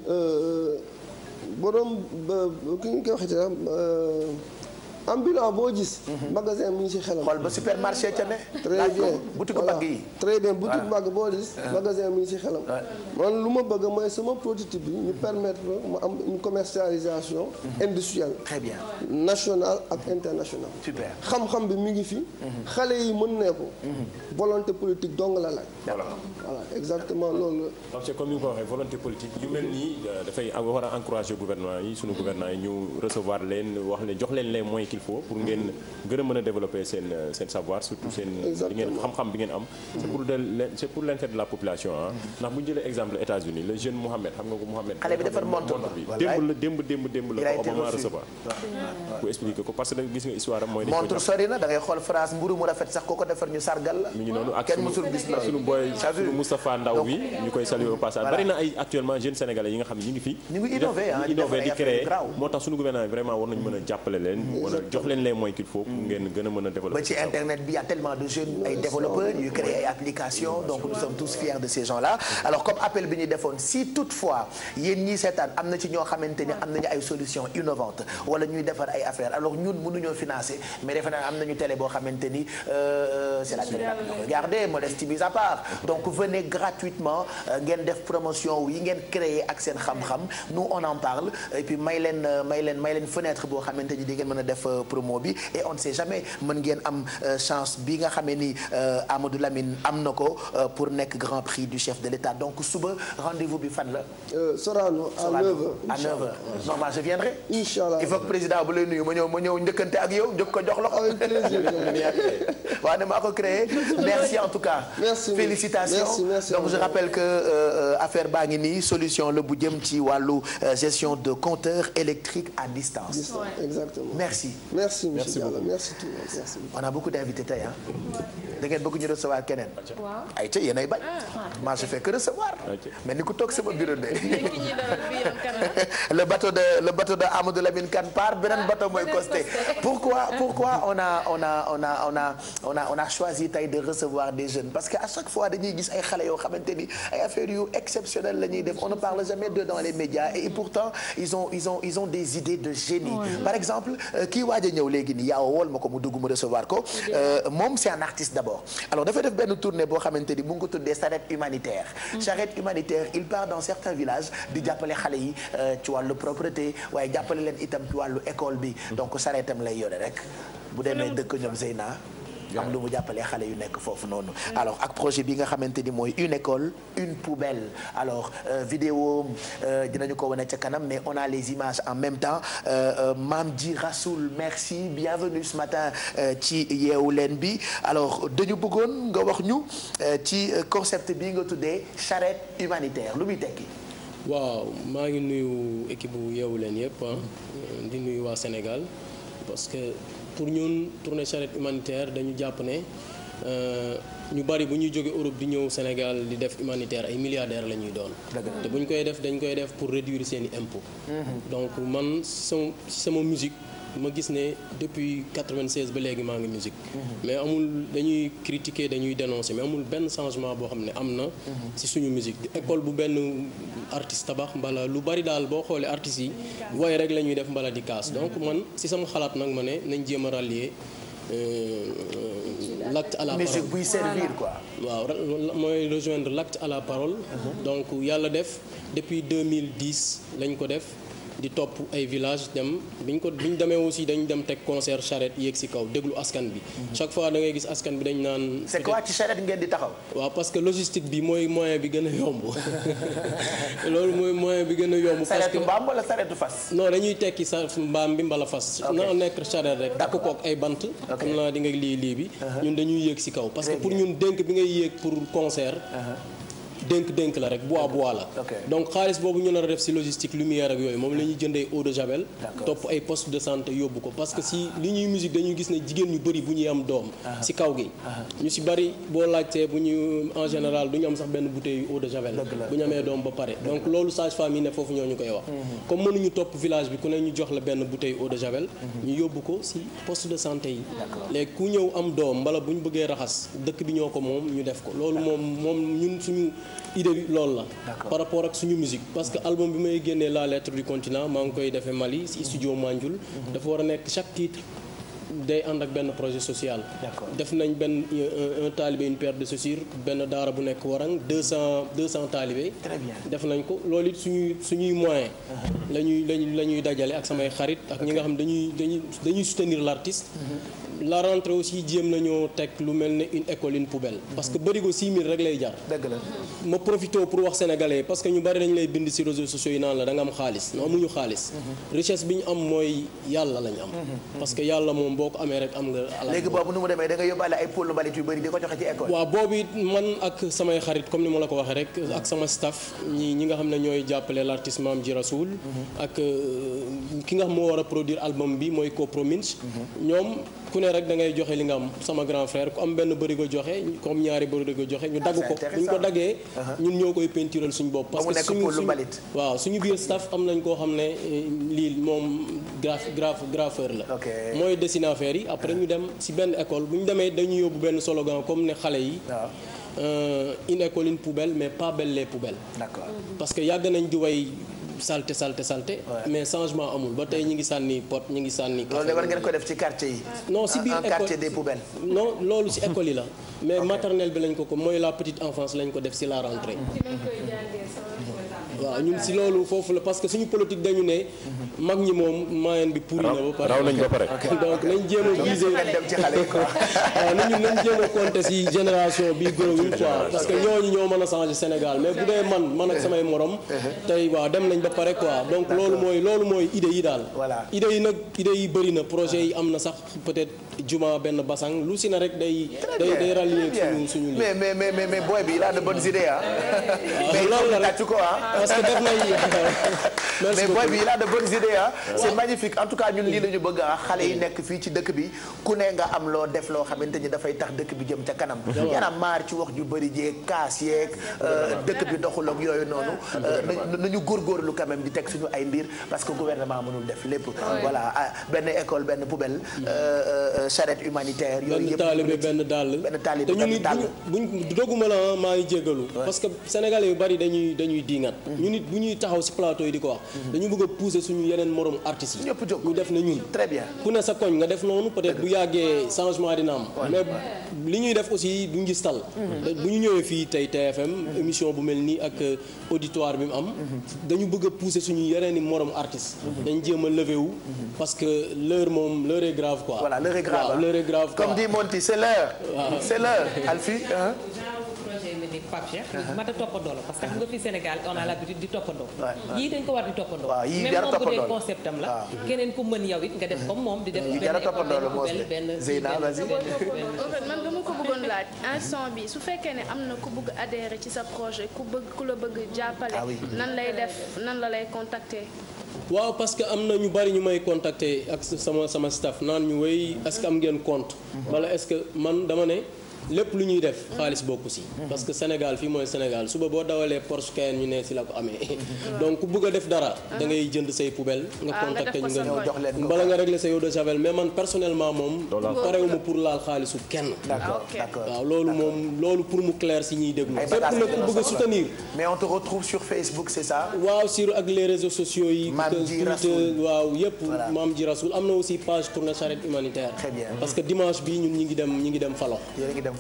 borom ki ñu koy ambulant boo gis. magasin mu ngi ci xelam. xool ba supermarché ca ne. très bien boutique mag yi. très bien boutique mag boo gis. Ah. magasin mu ngi ci xelam. man lu ma bëgg mooy sama prototype bi ñu permettre mu am une commercialisation. Mhm. industrielle. très bien nationale ak internationale. super xam-xam bi mu ngi fi. Mhm. xale yi mën ne ko. Mhm. volonté politique dong la laaj. voilà voilà exactement loolu la. donc c'est comme ni nga ko waxee volonté politique yu mel nii euh, dafay war a encourager gouvernement yi sunu gouvernement yi ñu recevoir leen wax leen jox leen qu'il pour ngeen gën a mën a développer seen euh, savoir surtout seen li ngeen xam-xam bi ngeen am c'est pour de c'est pour l'intérêt de la population ndax bu ñu exemple États-Unis le jeune Mohamed xam nga ko Mohamed xale expliquer ko parce que gis nga histoire mooy montre sori ko ko defar ñu sargal la mi Ndaw bi ñu koy saluer passage bari ay actuellement jeunes sénégalais yi nga xam ne ñu ngi fi ñu ngi innover di créer moo tax suñu gouvernement vraiment war jox leen les moyens qu'il faut. pour ngeen gën a mën a développer. ba ci internet bi y' tellement de jeunes ay développeurs yu créé ay donc nous sommes tous fiers de ces gens là. alors comme appel bi ñu defoon si toutefois yéen ñii seetaan ñoo xamante ne am nañu naa am nañu télé boo xamante ni euh, euh, c'est la télé à part donc venez gratuitement euh, ngeen def promotion yi ngeen créer ak seen xam-xam nous on en parle et may leen may leen may promo bi et on ne sait jamais mën ngeen am euh, chance bi nga xamee ni euh, Amadou Lamine am na ko euh, pour nekk grand prix du chef de l'État donc suba rendez bi fan la. Sorano à 9h à 9h ma je viendrai. inchallah il faut que président bu lay nuyu ma ñëw ma ñëw njëkkante ak yow njëkk ko jox la ko. avec plaisir waaw ne maa ko créé merci en tout cas. merci félicitations merci, merci, donc je rappelle que affaire baa ngi nii solution la bu jëm ci wàllu gestion de compteurs électriques à distance. merci monsieur Diallo merci merci. on a beaucoup d'invités tey a da ngeen bëgg ñu recevoir keneen. ay ayca yéenay bañ. Ah. maa je fais ni ku toog sama bureau de. le bateau de le bateau de Amadou Lamine Kane part beneen bateau mooy costé pourquoi pourquoi on a choisi de recevoir des jeunes parce que à chaque fois dañuy gis ay xale yoo xamante ni yu exceptionnelles la ñuy def on ne parle jamais d'eux dans les médias et pourtant ils ont ils ont ils ont des idées de génie par exemple euh, waaj ñëw léegi nii yaaw wool ma ko mu dugg mu recevoir ko euh, moom c'est un artiste d'abord alors dafay def benn tournée boo xamante ni mu ngi ko tuddee charrette humanitaire mm-hmm. charrette humanitaire il part dans certains villages di jàppale xale yi euh, ci wàllu propreté waaye jàppale leen itam ci wàllu école bi mm-hmm. donc charrette am lay yore rek bu demee dëkk ñoom Zeyna am lu mu jàppalee xale yu nekk foofu noonu alors ak projet bi nga xamante ni mooy une école une poubelle alors euh, vidéo euh, dinañu ko wane ca kanam mais on a les images en même temps euh, Mame Dji Rassoul merci bienvenue ce matin ci yeewu leen bi alors dañu bëggoon nga wax ñu ci concept bi nga tuddee charrette humanitaire lu muy tekki waaw maa ngi nuyu équipe bu yeewu leen yëpp ah. di nuyu Sénégal parce que pour ñun tournée charrette humanitaire dañu jàpp ne euh, ñu bari bu ñuy jóge Europe di ñëw Sénégal di def humanitaire ay milliardaires la ñuy doon. te bu ñu koy def dañ koy def pour réduire seeni impôts. Mm-hmm. donc man sama sama musique. ma gis ne depuis 96 ba léegi maa ngi musique mhm. mais amul dañuy critiquer dañuy dénoncer mais amul benn changement boo xam ne am na mhm. ci suñu musique école bu benn artiste tabax mbala lu bari daal boo xoolee artistes yi waaye rek la ñuy def mbala di kaas donc mhm. man ci sama xalaat nag ma ne nañ jéem a rallier euh, l'acte à la parole musique buy servir quoi. waaw mooy rejoindre l'acte à la parole donc yàlla def depuis mille 2010 lañ ko def di topp ay village dem biñ ko biñ demee aussi dañ dem teg concert charrette yéeg si kaw déglu askan bi. Mhm. chaque fois da ngay gis askan bi dañ naan. c'est quoi ci charrette ngeen di taxaw. waaw parce logistique bi mooy moyen bi gën a yomb loolu mooy moyen bi gën a yomb. parce que dañuy tekki sa mbaam bi mbala fas. na nekk charrette rek dakk kook ay bant. xam naa di lii lii bi. Uh-huh. ñun dañuy yéeg si kaw parce pour ñun dénk bi ngay yéeg pour concert. Uh-huh. dénk-dénk la rek bois bois la. donc xaalis boobu ñu nar a def si logistique lumière ak yooyu moom la ñuy jëndee eau de javel. topp ay poste de santé yóbbu ko parce que si li ñuy musique dañuy gis ne jigéen ñu bëri bu ñuy am doom. si kaw gi ñu si bëri boo laajtee bu ñu am sax benn bu ñu amee doom ba pare donc loolu sage-femme yi ne foofu ñoo ñu koy wax. Mhm. comme mënuñu topp village bi ku ne ñu jox la benn bouteille eau de javel. Mhm. ñu yóbbu ko si poste de santé yi. léegi ku ñëw am doom ko moom ñu def ko loolu ah. idée lool loolu la. par rapport ak suñu musique. parce que album bi may génnee la lettre du continent maa ngi koy defee Mali si studio Manjul. Mhm. dafa war a nekk chaque titre. day ànd ak benn projet social. def nañ benn euh, un taalibe une paire de chaussures benn daara bu nekk warang deux cent deux cent taalibe. def nañ ko lool it suñuy suñuy moyen uh-huh. la ñuy la ñuy dajale ak samay xarit ak ñi nga xam dañuy dañuy dañuy soutenir l'artiste. Uh-huh. la rentrée aussi jéem nañoo teg lu mel ni une école une poubelle. Uh-huh. parce que bërigo 6000 rek lay jar. dëgg la ma profité pour wax sénégalais parce que ñu bari dañu lay bind ci réseaux sociaux yi naan la da nga am xaalis non amuñu xaalis. richesse bi ñu am mooy yàlla lañu am. boo ko amee rek am nga. alal boobu nu mu demee da yóbbaale ay poul mbalit yu bëri di ko joxe ci école. waaw boobu it man ak samay xarit comme ni ma la ko waxee rek ak sama staff ñi ñi nga xam ne ñooy jàppale l' artiste Mame Dji Rassoul mhm. ak euh, ki nga xam moo war a produire album bi mooy Coprominch mhm. ñoom ku ne rek da ngay joxe li nga am sama grand frère ku benn bërigo joxe comme ñaari bërigo joxe ñu dagg ko ko daggee uh-huh. ñun ñoo koy peintural suñu bopp parce que suñu waaw suñu biir staff am nañ koo xam ne euh, lii moom graf graf la mooy dessiner affaire yi après ñu dem si benn école bu ñu demee dañu yóbbu benn slogan comme ne xale yi euh, une école une poubelle mais pas belle les parce que yàgg nañ di way salte salte salte mais changement amul ba tey ñi ngi sànni pot ñi ngi sànni loolu war ngeen ko def ci quartier yi non si biir école des poubelles non loolu si école yi la mais maternelle bi lañ ko ko mooy la petite enfance lañ ko def si la rentrée waaw ñun si loolu foofu la parce que suñu politique dañu ne. mag ñi moom moyen bi pourri na ba pare. raw nañ ba pare donc nañ jéem a viser. Euh, nañu génération bi growul parce que ñooñu ñoo mën a changer Sénégal mais bu dee man man ak samay morom. Uh-huh. tey waaw dem nañ ba pare quoi donc loolu mooy loolu mooy idée yi daal. idée yi nag idée yi bëri na projet yi am na sax peut-être juma benn basang lu si na rek day. day day rallier suñu suñu. mais mais mais mais booy bi il a de si idées ah. mais parce que daf lay. mais boy bi il a de en tout cas ñun lii la ñu bëgg a ah, xale yi mm. nekk fii ci dëkk bi ku ne nga am loo def loo xamante ni dafay tax dëkk bi jëm ca kanam. Mm. yéen a maar ci wax ju bëri jeeg kaas mm. euh, dëkk bi doxul yooyu noonu. Euh, nañu góorgóorlu quand même di teg suñu ay mbir parce que gouvernement mënul def lépp. voilà ah, benn école benn poubelle. Euh, charrette humanitaire yooyu yëpp. benn taalibe benn dàll. te ñu ngi buñ dogguma la ah, maa ngi jéggalu. parce que sénégalais yu bari dañuy dañuy diingat. ñu nit bu ñuy taxaw ci plateau yi di ko wax mhm. dañu bëgg a suñu yeneen morom artistes yi ñu def na ñun très ne sa koñ nga def noonu peut-être bu yàggee changement dina am mais li ñuy def aussi du ngis tal mhm. bu ñu ñëwee fii tey TFM mhm. émission bu mel nii ak euh, auditoire bi mu am dañu bëgg a suñu yeneen i morom dañ jéem a lever wu parce que l'heure moom l'heure est grave quoi voilà l'heure est grave comme dit Monty c'est l'heure c'est l'heure Pape Cheikh lu mat a toppandoo la parce que xam nga fi Sénégal on a l'habitude di toppandoo yii dañ ko war di toppandoo même moom bu dee concept am la ah. mm-hmm. keneen ku mm-hmm. bi su fekkee ne am na ku bëgg adhérer ci sa projet ku bëgg ku la bëgg jàppale ah nan lay def nan la lay contacter waaw parce que am na ñu bari ñu may contacter ak sama sama staff naan ñu wéy est-ce am ngeen compte mm-hmm. wala est man dama ne lépp lu ñuy def xaalis bokku si parce que Sénégal fii mooy Sénégal suba boo dawalee Porsche Cayenne ñu ne si la ko amee donc ku bëgg def dara da ngay jënd say poubelle nga contacté ah, ñu nga jox leen nga régler sa eau de javel mais man personnellement moom parewuma pour laal xaalisu kenn ah, waaw loolu moom loolu pour mu clair si ñuy déglu lépp nag ku bëgg a soutenir waaw sur ak les réseaux sociaux yi waaw yëpp maam ji rasul am na aussi page tourne charrette humanitaire parce que dimanche bi ñun ñi ngi dem ñi ngi dem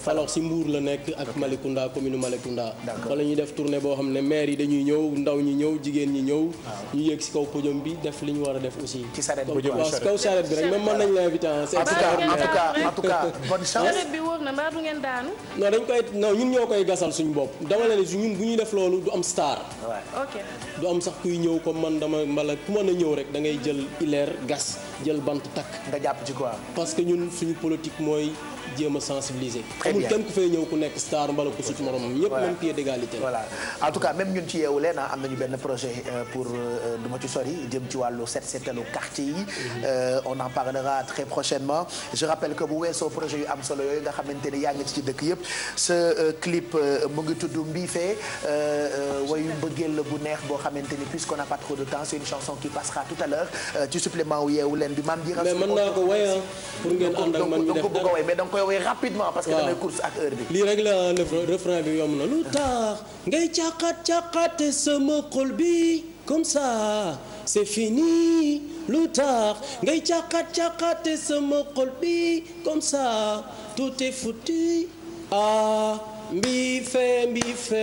alors si Mbour la nekk ak Malicounda commune Malicounda wala ñuy def tournée boo xam ne maire yi dañuy ñëw ndaw ñi ñëw jigéen ñi ñëw ah. ñu yéeg si kaw podium bi def li ñu war a def aussi ci saret kaw saret bi rek même mën nañ la invité en tout cas en tout bi wóor na mbaa ngeen daanu non dañ koy non ñun ñoo koy gasal suñu bopp dama la ne ñun bu ñu def loolu du am star du am sax kuy ñëw ko man dama mbala ku mën a ñëw rek da jël ileer gas jël bant takk nga jàpp ci quoi parce que ñun suñu jéem a sensibiliser. amul kenn ku fay ñëw ku nekk star mbala ku sut moromam ñëpp même pied d'égalité en tout cas même ñun ci yeewu leen ah, am nañu benn projet euh, pour euh, du ma ci sori jëm ci wàllu set setalu quartier yi mhm. euh, on en parlera très prochainement je rappelle que bu weesoo projet yu am solo yooyu nga xamante ni yaa ngi ci dëkk yëpp ce clip mu ngi tudd Mbiifee wayu mbëggeel bu neex boo xamante ni puisqu'on n'a pas trop de temps c'est une chanson qui passera tout à l'heure ci taxawee rapidement. parce que damay course ak heure bi. lii rek la refrain bi yomb na lu tax ngay caqat caqate sama bi comme ça c'est fini lu tax ngay caqat caqate sama bi comme ça tout est foutu. ah mbife mbife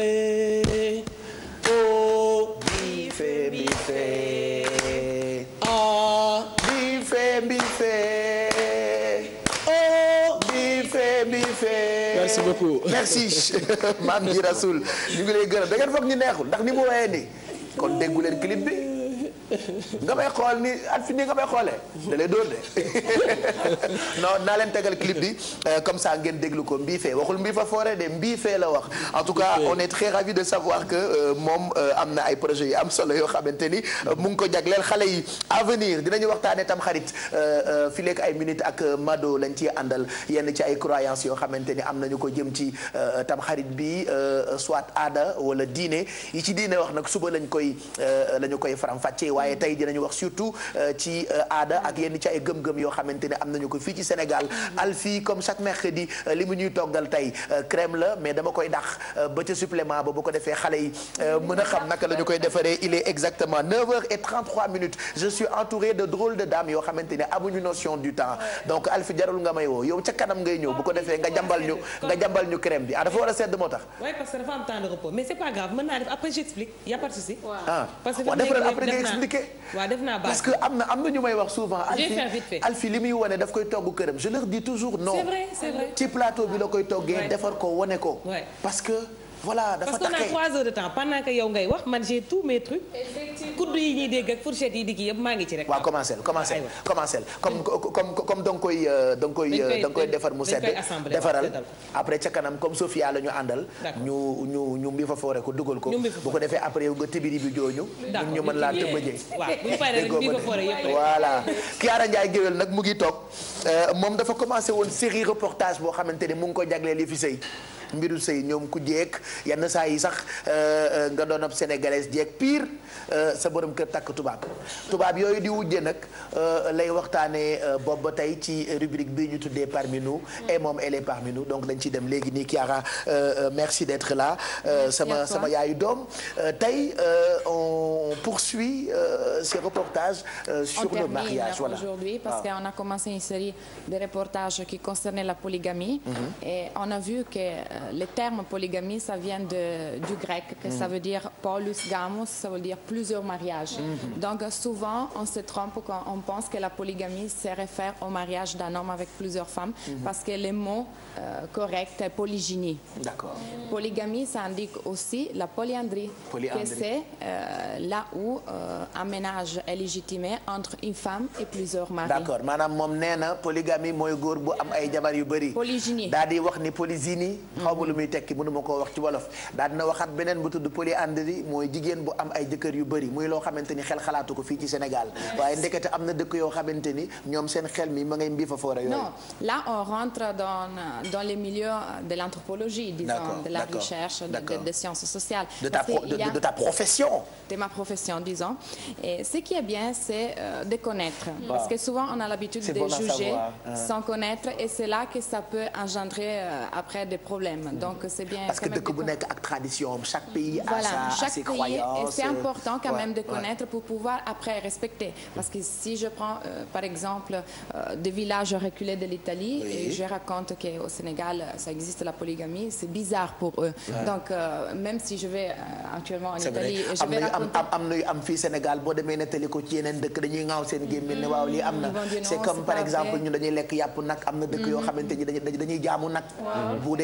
oh merci beaucoup merci maam ji Rasoul ñu ngi lay gërëm da ngeen foog ñu neexul ndax ni mu woyee nii kon déggu leen clip bi. nga may xool ni at fi nii nga may xoolee. da lay dóor de non naa leen tegal clip bi euh, comme ça ngeen déglu ko mbii fee waxul mbii fa fooree de mbii la wax. en tout cas on est très ravi de savoir que euh, moom euh, am na ay projets yu am solo yoo xamante ni mu ngi ko jagleel xale yi avenir dinañu waxtaanee tam xarit fi lekk ay minutes ak Mado lañ ci àndal yenn ci ay croyances yoo xamante ni am nañu ko jëm ci tam xarit bi soit aada wala diine yi ci diine wax nag suba lañ koy lañu koy faram waaye tey dinañu wax surtout euh, ci euh, aada ak yenn ci ay gëm-gëm yoo xamante ne am nañu ko fii ci Sénégal mm-hmm. Alfie comme chaque mercredi euh, li mu ñuy toggal tey crème la mais dama koy dax ba ca supplément ba bu ko defee xale yi mën a xam naka la ñu koy defaree il est exactement 9h33 minutes je suis entouré de drôles de dames yoo xamante ne amuñu notion du temps donc Alfie jarul nga may woo yow ca kanam ngay ñëw bu ko defee nga jàmbal ñu nga jàmbal ñu crème bi ah dafa war a moo tax. oui parce compliqué. waaw def naa parce que am na am na ñu may wax souvent. Alfi Alfi li muy wane daf koy togg këram je leur dis toujours non. c'est vrai c'est vrai ci plateau bi la koy toggee. defar ko wane ko. parce que. voilà dafa takkee parce qu'on temps pendant que yow ngay wax man j'ai tous mes trucs. kudd yi ñuy dégg ak fourchette yi di kii yëpp maa ngi ci rek. waaw commencé commencé commencé comme comme comme da nga koy euh, da nga koy da nga euh, koy defar mu sedd defaral après ca kanam comme Sofia la ñu àndal. ñu ñu ñu mbi fa foore ko dugal ko. bu ko defee après yow nga tibiri bi jooju. ñun ñu mën laa tëbëjee. waaw bu ñu paree mbi fa foore yëpp voilà. nag mu ngi toog euh, moom dafa commencé woon série reportage boo xamante ni mu ngi ko jagleel yi fi sëy mbiru sëy ñoom ku jeeg yenn saa yi sax euh, euh, nga doon ab sénégalaise jeek pire euh, sa borom kër takk tubaab tubaab yooyu di wujje nag lay waxtaanee boobu ba tey ci rubrique bii ñu tuddee parmi nous mm. et moom elle est parmi nous donc dañ ciy dem léegi nii Chiara merci d'être là sama sama yaayu doom tey on poursuit ces reportages sur le mariage voilà aujourd'hui parce ah. qu'on a commencé une série de reportages qui concernait la polygamie mm-hmm. et on a vu que Euh, le terme polygamie ça vient de du grec que mm. gamos ça veut dire plusieurs mariages mm-hmm. donc souvent on se trompe quand on pense que la polygamie se réfère au mariage d'un homme avec plusieurs femmes mm-hmm. parce que le mot euh, correct est polygynie d'accord polygamie ça indique aussi la polyandrie, que c'est euh, là où euh, un ménage est légitimé entre une femme et plusieurs maris polygamie mooy góor am ay jabar yu bëri polygynie daal di wax ni xaw ma lu muy tekki mënu ma koo wax ci wolof daa dina waxaat beneen bu tudd polyandrie mooy jigéen bu am ay jëkkër yu bëri muy loo xamante ni xel xalaatu ko fii ci Sénégal waaye ndekete am na dëkk yoo xamante ñoom seen xel mi ma ngay mbii fa foora yooyu là on rentre dans dans les de l'anthropologie de la recherche de, sciences sociales de ta, a, profession disons et ce qui est bien c'est euh, de connaître parce que souvent on a l'habitude de juger sans connaître et c'est là que ça peut même mm. donc c'est bien. parce que dëkk bu nekk ak tradition am chaque pays. voilà a sa, chaque pays et c'est euh, important quand même de connaître pour pouvoir après respecter si euh, par exemple euh, des villages reculés de l'Italie et je raconte qu'au Sénégal ça la polygamie c'est bizarre pour eux. donc même si je vais actuellement en Italie. am na am fii Sénégal boo demee nettali ko ci yeneen dëkk dañuy ŋaaw seen mm-hmm. gémmiñ ne waaw lii am na. c'est comme par am na dëkk yoo mm-hmm. xamante ni dañuy jaamu nag. bu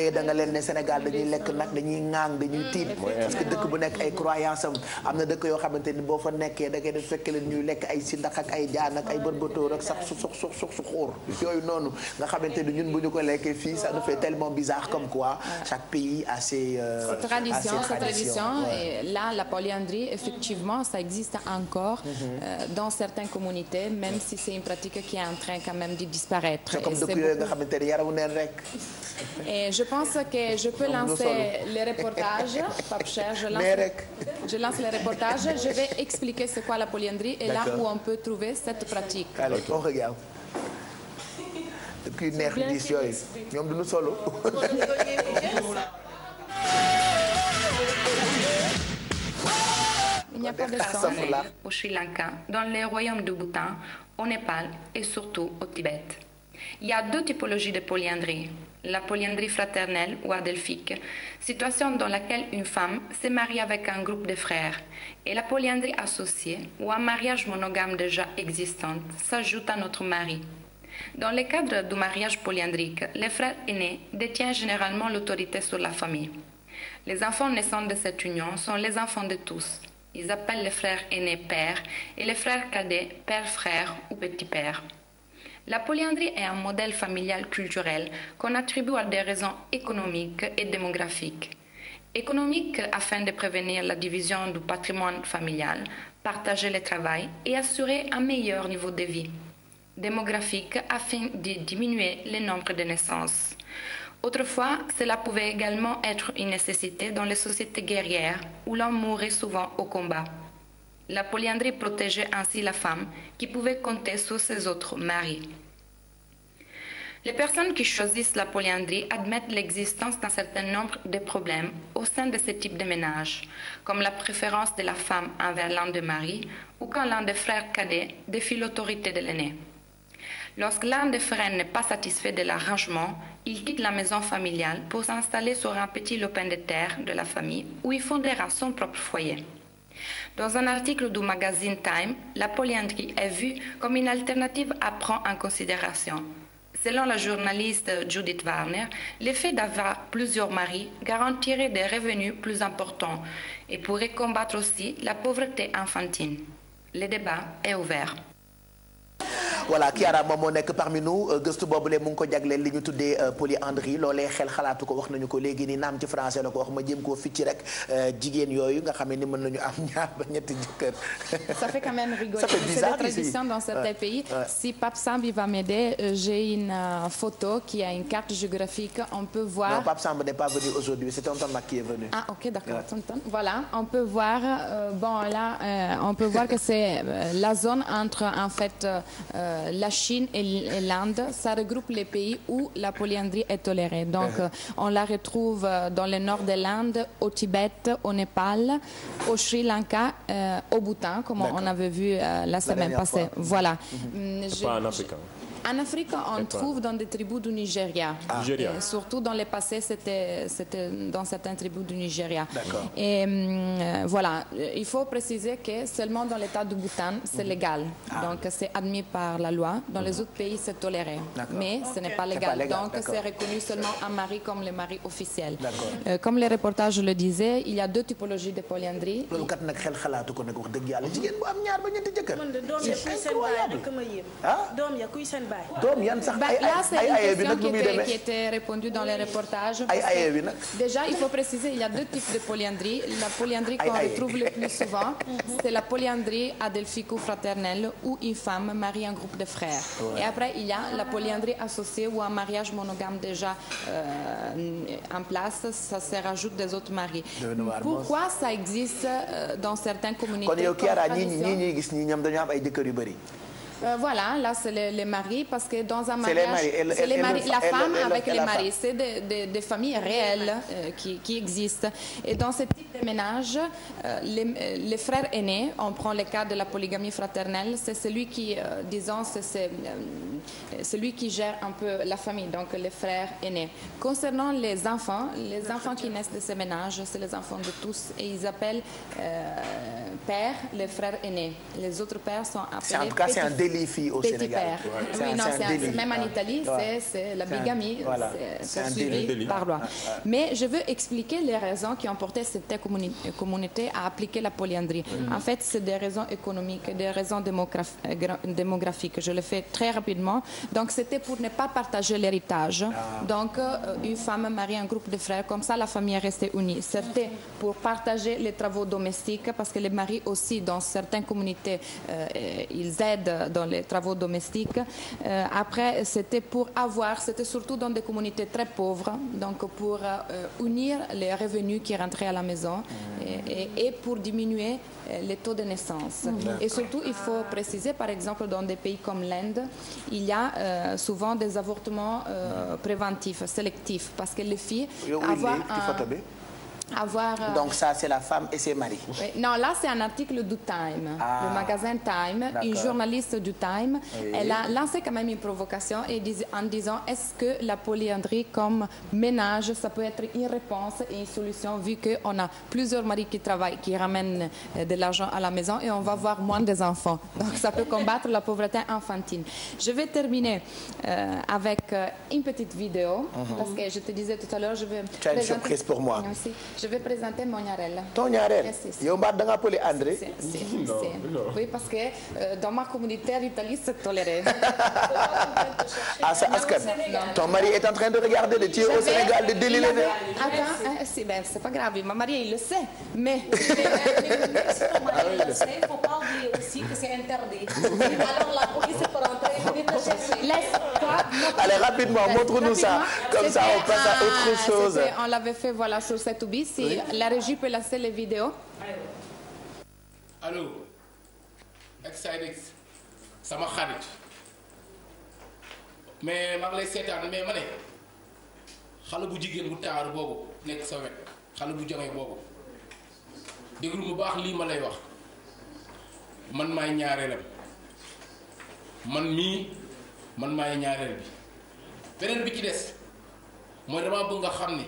leen ne Sénégal dañuy lekk nag dañuy ŋaang dañuy tiit mm, parce que dëkk bu nekk ay croyance am am na dëkk yoo xamante ni boo fa nekkee da ngay def fekk leen ñuy lekk ay sindax ak ay jaan ak ay bërbatóor ak sax su su xóor yooyu noonu nga xamante ni ñun bu ñu ko lekkee fii ça nous fait tellement bizarre comme quoi chaque pays a ses euh, traditions ses traditions et là la polyandrie effectivement ça existe encore mm-hmm. euh, dans certaines communautés même si c'est une pratique qui est en train quand même de disparaître c'est comme ni yaramu neen rek et ok je peux lancer le reportage Pape je lance je lance je vais expliquer c'est quoi la polyandrie et là où on peut trouver cette pratique. de sang au Sri Lanka, dans les royaumes du Bhoutan, au Népal et surtout au Tibet. Il y a deux typologies de polyandrie. la polyandrie fraternelle ou adelphique, situation dans laquelle une femme se marie avec un groupe de frères, et la polyandrie associée ou un mariage monogame déjà existant s'ajoute à notre mari. Dans le cadre du mariage polyandrique, les frères aînés détiennent généralement l'autorité sur la famille. Les enfants naissants de cette union sont les enfants de tous. Ils appellent les frères aînés père et les frères cadets père-frère ou La polyandrie est un modèle familial culturel qu'on attribue à des raisons économiques et démographiques. Économique afin de prévenir la division du patrimoine familial, partager le travail et assurer un meilleur niveau de vie. Démographique afin de diminuer le nombre de naissances. Autrefois, cela pouvait également être une nécessité dans les sociétés guerrières où l'on mourait souvent au combat. La polyandrie protégeait ainsi la femme qui pouvait compter sur ses autres maris. Les personnes qui choisissent la polyandrie admettent l'existence d'un certain nombre de problèmes au sein de ce type de ménage, comme la préférence de la femme envers l'un des maris ou quand l'un des frères cadets défie l'autorité de l'aîné. Lorsque l'un des frères n'est pas satisfait de l'arrangement, il quitte la maison familiale pour s'installer sur un petit lopin de de la famille où Dans un article du magazine Time, la polyandrie est vue comme une alternative à prendre en considération. Selon la journaliste Judith Warner, le fait d'avoir plusieurs maris garantirait des revenus plus importants et pourrait combattre aussi la pauvreté infantile. Le débat est ouvert. voilà Kiara moom moo nekk parmi nous euh, gëstu boobule mu ngi ko jagleel li ñu tuddee euh, polyandrie loolee xel xalaatu ko wax nañu ko léegi nii naam ci français la ko wax ma jéem koo ficci rek euh, jigéen yooyu nga xam ni mën nañu am ñaar ba ñetti jëkkër. ça fait quand dans certains pays. si Pape Sambi va m'aider j'ai une photo qui a une carte géographique on peut voir. non Pape n'est pas venu aujourd'hui c'est Tonton Mac qui est venu. ah ok d'accord Tonton voilà on la zone entre en Euh, la Chine et l'Inde. Ça regroupe les pays où la polyandrie est tolérée. Donc, uh-huh. euh, on la retrouve euh, dans le nord de l'Inde, au Tibet, au Népal, au Sri Lanka, au Bhoutan, comme on avait vu la semaine passée. Voilà. Uh-huh. Mm pas en Afrique. En Afrique, on trouve dans des tribus du Nigeria. Ah. Nigeria. surtout dans le passé, c'était dans certaines tribus du Nigeria. Et euh, voilà, il faut préciser que seulement dans l'État du Bhoutan, c'est mhm. légal. Ah. Donc c'est admis par la loi. Dans les mhm. autres pays, c'est toléré. Mais ce n'est pas, légal. Donc c'est reconnu seulement un mari comme le mari officiel. Euh, comme les reportages le disaient, il y a deux typologies de polyandrie. loolu kat nag xel xalaatu ko nag wax dëgg doom yan sax ay ay aye bi nag nu muy demee qui était répondue dans les reportages. ay aye bi nag déjà il faut préciser il y a deux types de polyandrie la polyandrie qu'on retrouve le plus souvent c'est la polyandrie adelphico-fraternelle où une marie un groupe de frères et après il y a la polyandrie associée ou un mariage monogame déjà euh, en place ça se rajoute des autres maris pourquoi ça existe euh, dans certaines communautés kon yow Kiara ñi ñi gis ñi ñoom dañoo am ay jëkkër yu bëri Euh, voilà, là c'est les, les, parce que dans un mariage, c'est les maris, la femme avec les maris, c'est des, des, des, familles réelles euh, qui, qui, existent. Et dans ce type de ménage, euh, euh, les, frères aînés, on prend le cas de la polygamie fraternelle, c'est celui qui, gère un peu la famille, donc les frères aînés. Concernant les enfants, les enfants qui naissent de ces ménages, c'est les enfants de tous et ils appellent les frères aînés. Les autres pères sont appelés. En délit fii au Sénégal. c'est oui, non, c'est un délit. Même en Italie, c'est c'est la bigamie. la polyandrie. En fait, c'est des raisons économiques, des raisons euh, démographiques. Je le fais très rapidement. c'était pour ne pas partager l'héritage. Ah. Donc, euh, euh, une femme marie un groupe de frères, comme ça, la famille est restée unie. C'était pour partager les travaux domestiques, parce que les maris aussi, dans certaines communautés, ils aident dans les travaux domestiques. Euh, après, c'était pour avoir, c'était surtout dans des communautés très pauvres, donc pour euh, unir les revenus qui rentraient à la maison mmh. et, et, et, pour diminuer euh, les taux de naissance. Mmh. Et surtout, il faut préciser, par exemple, dans des pays comme l'Inde, il y a euh, souvent des avortements euh, préventifs, sélectifs, parce que les filles... Avoir un... avoir. Euh... Donc c'est la femme et ses maris. Oui. Non, là, c'est un article du Time, ah, magasin Time, une journaliste du Time. Elle a lancé quand même une provocation et dis en disant est-ce que la polyandrie comme ménage, ça peut être une réponse et une solution vu qu'on a plusieurs maris qui travaillent, qui ramènent euh, de l'argent à la maison et on va voir moins des enfants. Donc ça peut combattre la pauvreté infantile. Je vais terminer euh, avec euh, une petite vidéo mhm. parce que je vais. Tu je vais présenter mon ñaareel. ton ñaareel yow mbaa da ngaa André. parce que euh, dans ma communauté l'Italie ah, c'est ton mari est en train de regarder le tuyau Sénégal de déliler. attends eh, si ben c'est pas grave ma mariée il le sait mais. mais si ton mari le sait faut pas oublier aussi que c'est interdit. alors la police Laisse-toi. rapidement, montre-nous ça. Comme ça, on passe à autre chose. On l'avait fait, Si la régie peut lancer les vidéos. Allô. sama xarit mais maa lay seetaan mais ma xale bu jigéen bu taaru boobu nekk sa wet xale bu jongee boobu déglu bu baax lii ma lay wax man maay ñaareelam man mii man maay ñaareel bi beneen bi ci des mooy damaa bëgg nga xam ni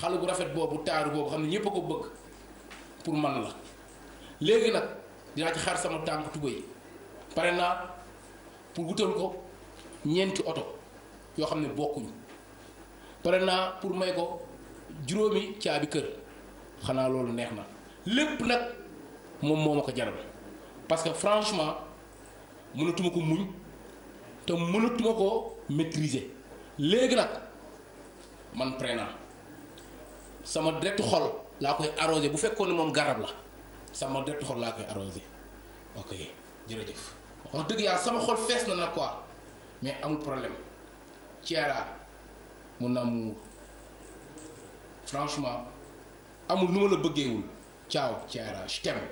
xale bu rafet boobu taaru boobu xam ne ñëpp a ko bëgg pour man la léegi nag dinaa ci xaar sama tànk tubéy pare naa pour wutal ko ñeenti oto yoo xam ne bokkuñu pare naa pour may ko juróomi caabi kër xanaa loolu neex na lépp nag moom moo ma ko jaral parce franchement mënatuma ko muñ. te mënatuma ko maîtriser léegi nag man prenant sama deretu xol laa koy arrosé bu fekkoon ne moom garab la sama deretu xol laa koy arrosé ok jërëjëf wax dëgg yàlla sama xol fees na nag quoi mais amul problème Thiera mun na mu franchement amul nu ma la bëggeewul ciao Thiara je t'aime.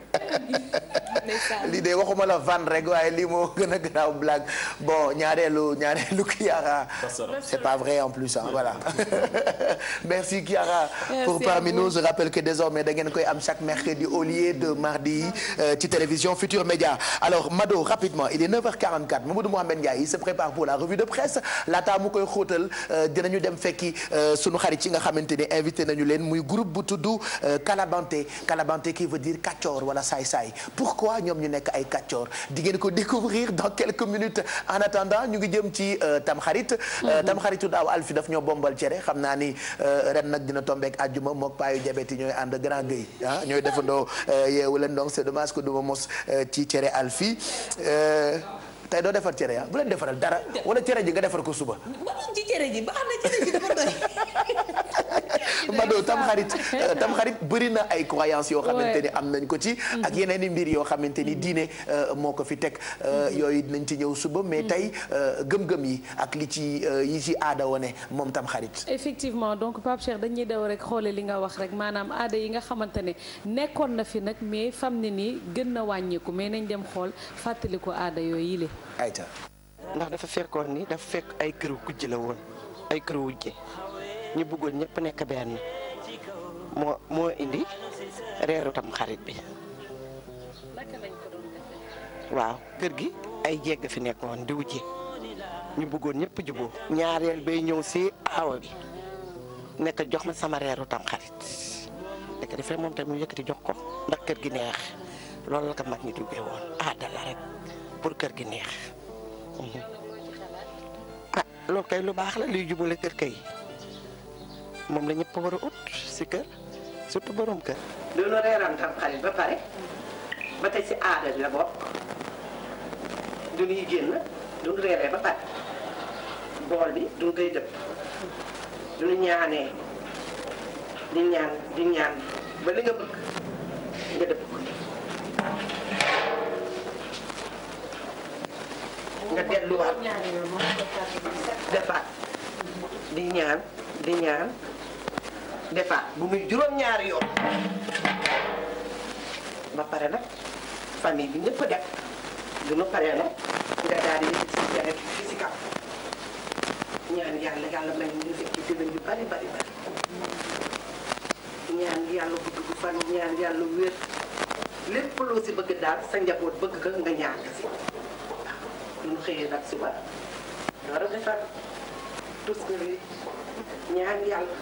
lii de waxuma la van rek waaye lii moo gën a garaaw blague bon ñaareelu ñaareelu Chiara. c'est pas vrai en plus ah voilà. merci Chiara pour parmi nous je rappelle que désormais da ngeen koy am chaque mercredi au lieu de mardi euh, ci télévision Futur Média alors Mado rapidement il est 9h44 Mamadou Mouhamed Ndiaye il se prépare pour la revue de presse laata mu koy xóotal euh, dinañu dem fekki euh, sunu xarit yi nga xamante ne invité nañu leen muy groupe bu tudd Kalabante Kalabante. Banabanté qui veut dire kaccoor wala saay-saay pourquoi ñoom ñu nekk ay kaccoor di ngeen ko découvrir dans quelques minutes en attendant ñu ngi jëm ci euh, tamxarit euh, mhm. tamxaritu daaw alfi daf ñoo bombal cere xam naa ni euh, ren nag dina tombeek àjjuma mook paayu jabet yi ñooy ànd grand guy ah, ñooy defandoo yeewu leen donc c'est dommage que duma mos ci cere alfi te doo defar cere ah bu leen defaral dara wala cere ji nga defar ko suba. ba ci cere ji baax na cere ji dafa Mado tam xarit euh, tam xarit bëri na ay croyances yoo xamante ni am nañ ko ci ak mhm. yeneen mbir yoo xamante ni mhm. diine euh, moo ko fi teg euh, mhm. yooyu dinañ ci ñëw suba mais tey gëm-gëm yi ak li ci yi ci aada wone moom tam xarit effectivement donc Pape Cheikh dañuy daw rek xoole li nga wax rek maanaam aada yi nga xamante ne nekkoon na fi nag mais fam ne nii gën na wàññeeku mais nañ dem xool fàttaliku aada yooy yile ayta ndax dafa fekkoon nii dafa fekk ay këru kujje la woon ay këru wujje ñu bëggoon ñëpp nekk benn moo moo indi reeru tam xarit bi waaw kër gi ay jégg fi nekkoon di wujje ñu buggoon ñëpp juboo ñaareel bay ñëw si aawa bi nekk jox ma sama reeru tam xarit nekk def rek moom tamit mu yëkkati jox ko ndax kër gi neex loolu la ko mag ñi duggee woon aada rek pour kër gi neex mhm. ah loolu kay lu baax la luy jubale kër kay moom la ñëpp war a ut si kër surtout borom kër. lu nu reeram tam xarit ba pare ba tey si aada la bokk du ñuy génn du ñu reeree ba pare bool bi du ñu koy dëpp du ñaanee di ñaan di ñaan ba li nga bëgg nga dëpp nga delluwaat defaat di ñaan di ñaan. defaat bu muy juróom-ñaari yoon ba pare nag famille bi ñëpp def du nu paree nag nga daal di yëkkati si jaret fi si kaw ñaan yàlla yàlla may ñu fekk ci yu bari bari bari ñaan yàlla bu fan ñaan yàlla wér lépp loo si bëgg daal sa njaboot bëgg ka nga ñaan ka si lu ñu xëyee nag suba door a defar tus ñaan yàlla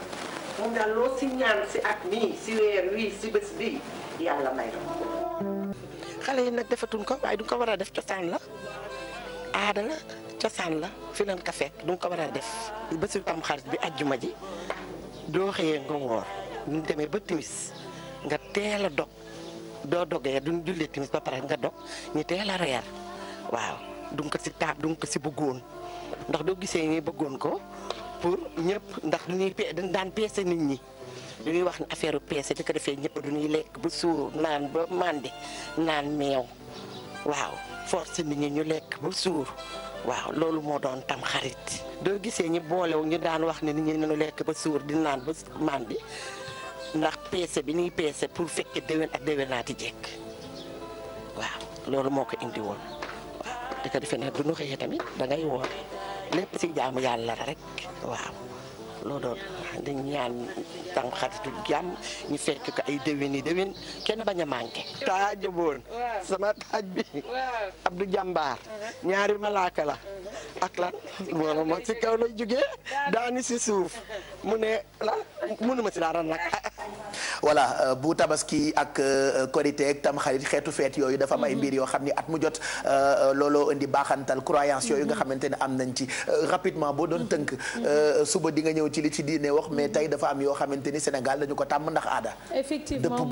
moom daal loo si ñaan si at mii si weer wii si bés bii yàlla may xale yi nag defatuñ ko waaye duñ ko war a def cosaan la aada cosaan la fi leen ka fekk duñ ko war a ba bésu tam xarit bi ajjuma ji doo xëyee nga woor ñu demee ba timis nga teel a dog doo dogee duñ jullee timis ba pare nga dog ñu teel a reer waaw duñ ko si taab duñ ko si bëggoon ndax doo gisee ñi bëggoon ko pour ñëpp ndax lu ñuy daan peese nit ñi lu ñuy wax ne affaire peese di ko defee ñëpp du ñuy lekk ba suur naan ba màndi naan meew waaw force nit ñi ñu lekk suur waaw loolu moo doon tam doo gisee ñi boolew ñu daan wax ne nit ñi lekk ba suur di naan ba màndi ndax peese bi ñuy peese pour fekke déwén ak déwénaati jekk waaw loolu moo ko indi woon di ko defee nag du xëyee tamit da ngay lépp si jaamu yàlla rek waaw. looloo dañ ñaan tamxaritu jàmm ñu fekk ko ay déwén yi déwén kenn bañ a manqué. taaj sama taaj bi Abdou Jàmbaar ñaari malaaka la ak lan moom si kaw lay jógee daani si suuf mu ne la mënuma si dara nag. voilà euh, bu tabaski ak euh, korité ak tamxarit xeetu feet yooyu dafa am ay mhm. mbir yoo xam ni at mu jot euh, looloo indi baaxantal croyance yooyu nga mhm. xamante ne am nañ ci rapidement boo doon tënk mhm. suba di ñëw. ci li ci wax mais tey dafa am yoo xamante Sénégal dañu ko tàmm ndax aada. effectivement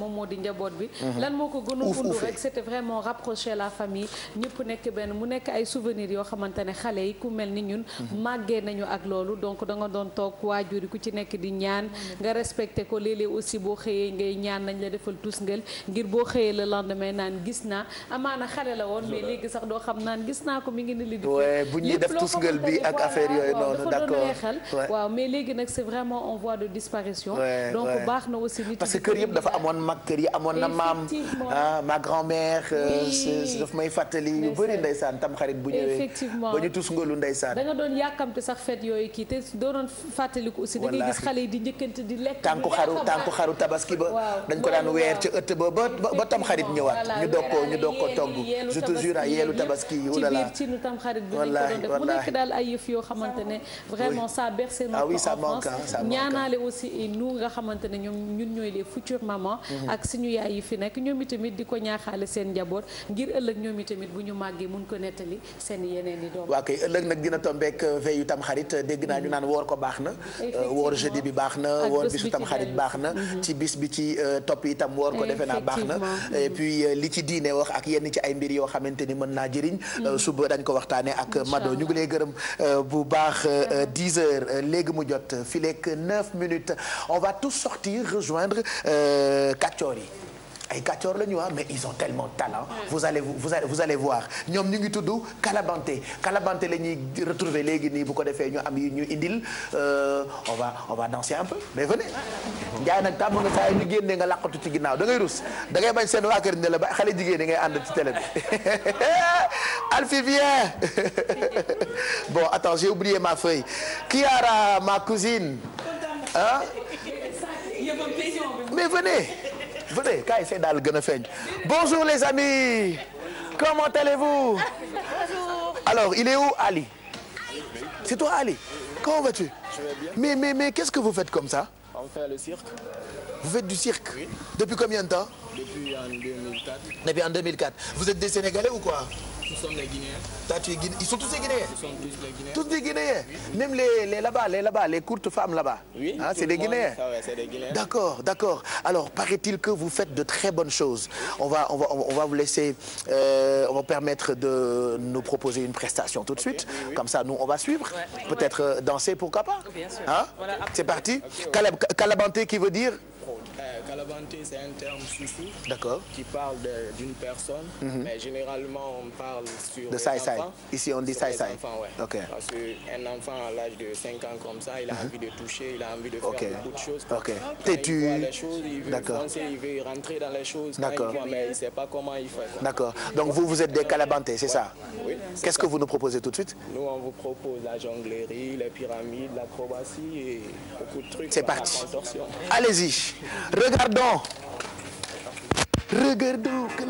moom moo di njaboot bi. Mhm. lan moo ko gën a wund rek c'était vraiment rapprocher la famille ñëpp nekk benn mu nekk ay souvenirs yoo xamante xale yi ku mel ni ñun. Mhm. màggee nañu ak loolu donc da nga doon toog waajur yi ku ci nekk di ñaan nga respecté ko léeg aussi boo xëyee ngay ñaan nañ la defal tusngal ngir boo xëyee le lendemain naan gis naa amaana xale la woon mais léegi sax ouais bu ñuy def tusngal bi ak affaire yooyu noonu d'accord waaw mais nag c'est vraiment en de disparition donc baax na aussi parce que kër yëpp dafa amoon mag kër yi amoon na maam ah ma grand-mère euh, daf may fàttali yu bëri ndey saan tam xarit bu ñëwee effectivement ba ñu tusngalu ndeysaan da nga doon yàkkamte sax fête yooyu kii te doonoon fàttaliku aussi da ngay gis xale yi di njëkkante di lekk tànku xaru tànku xaru ba dañ ko daan weer ca ëtt ba ba tam xarit ñëwaat ñu doog ko ñu doog ko togg je te jure yeelu tabaski yi ci oh wallaahi dinañ ko doon def mu nekk daal ay yëf yoo xamante ne vraiment ça berce ah notre enfance ñaanaale aussi ne ñoom ñun ñooy les futures mamans mhm. ak suñu yaay fi nekk ñoom itamit di ko ñaaxaale seen njaboot ngir ëllëg ñoom itamit bu ñu màggee mun ko nettali seen yeneen i doom waa kay ëllëg nag dina tombeek euh, veillu tam xarit euh, dégg naa ñu mhm. naan woor ko baax na euh, woor jeudi bi baax na woor bisu tam xarit baax na mhm. ci bis bi ci topp itam woor ko defe naa baax na et li ci diine wax ak yenn ci ay mbir yoo xamante ni mën naa jëriñ suba dañ ko waxtaanee ak Mado ñu ngi lay gërëm euh, bu baax 10 euh, heures euh, léegi mu jot fileeg 9 minutes on va tous sortir rejoindre Kaccoor yi ay kàccoor la ñu ah mais ils ont tellement de talent. vous allez vous allez vous voir ñoom ñu ngi tudd Kalabante Kalabante la ñuy retrouver léegi nii bu ko defee ñu am yi ñu indil euh, on va on va un peu mais venez. Ndiaye nag tàmm nga saa yi ñu nga làqatu ci ginnaaw da ngay rus da ngay bañ seen waa kër ne la ba xale jigéen yi ngay ànd ci télé bi Alfi viens bon attends j'ai oublié ma feuille Kiara ma cousine ah mais venez. venez kaay see daal gën a feeñ bonjour les amis comment allez-vous bonjour alors il est où Ali c'est toi Ali comment vas-tu mais mais mais qu'est-ce que vous faites comme ça le cirque vous faites du cirque oui. depuis combien de temps depuis en 2004 depuis en 2004 vous êtes des Sénégalais ou quoi Tous sont les Guinéens. As tué Guiné... Ils sont tous des Guinéens. Ils sont tous les Guinéens. Tous des Guinéens. Oui. Même les, les là-bas, les là-bas, les courtes femmes là-bas. Oui, hein, c'est des Guinéens. Ouais, c'est des Guinéens. D'accord, d'accord. Alors, paraît-il que vous faites de très bonnes choses. On va, on va, on va vous laisser, euh, on va permettre de nous proposer une prestation tout de okay, suite. Oui, oui. Comme ça, nous, on va suivre. Ouais. Peut-être euh, danser, pourquoi pas. Bien sûr. Hein? Voilà, c'est parti. Okay, ouais. Calab Calabanté qui veut dire Euh, Calabanté, c'est un terme soufou D'accord. qui parle d'une personne, mhm. mais généralement on parle De Saï Ici on dit de 5 ans il a mm -hmm. envie de toucher, il a envie de faire de choses. penser, il veut rentrer dans les choses. Mais il sait pas comment il fait. D'accord. Donc vous, vous êtes des Calabanté, c'est ça Qu'est-ce que vous nous proposez tout de suite Nous, on vous propose la jonglerie, les pyramides, l'acrobatie et beaucoup de trucs. Allez-y. Regardons. Regardons que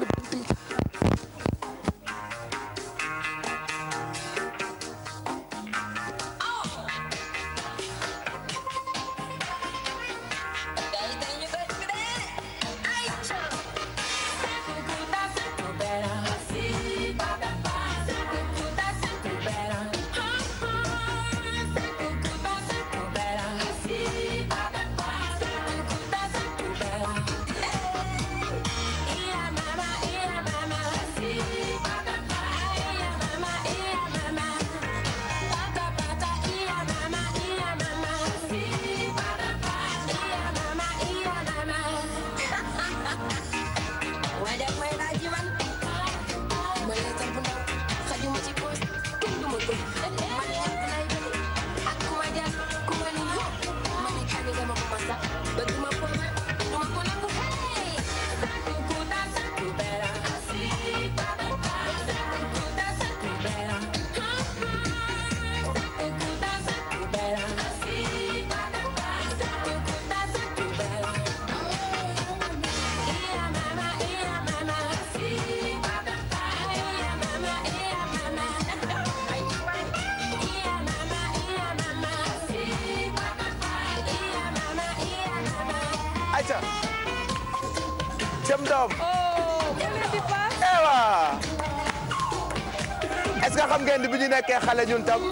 xale ñun tam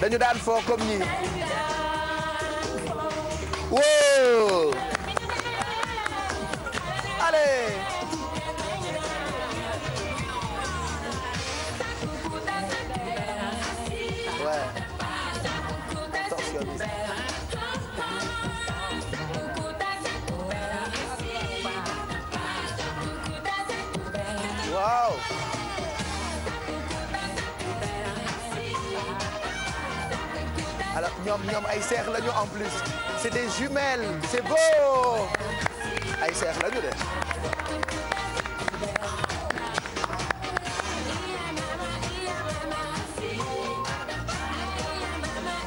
dañu daan foo comme nii jumelles c'est ay seex lañu de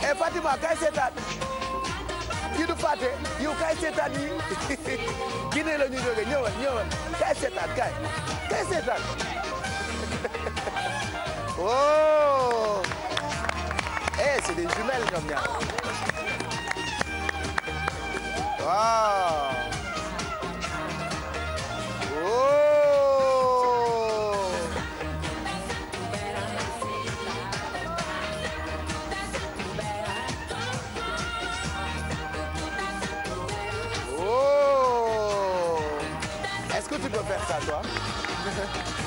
e Fatima kay seetaan yi du fàtte yow kay seetaan yi Guinée la ñu jóge ñëwal ñëwal kay seetaan kay que tu peux faire ça, toi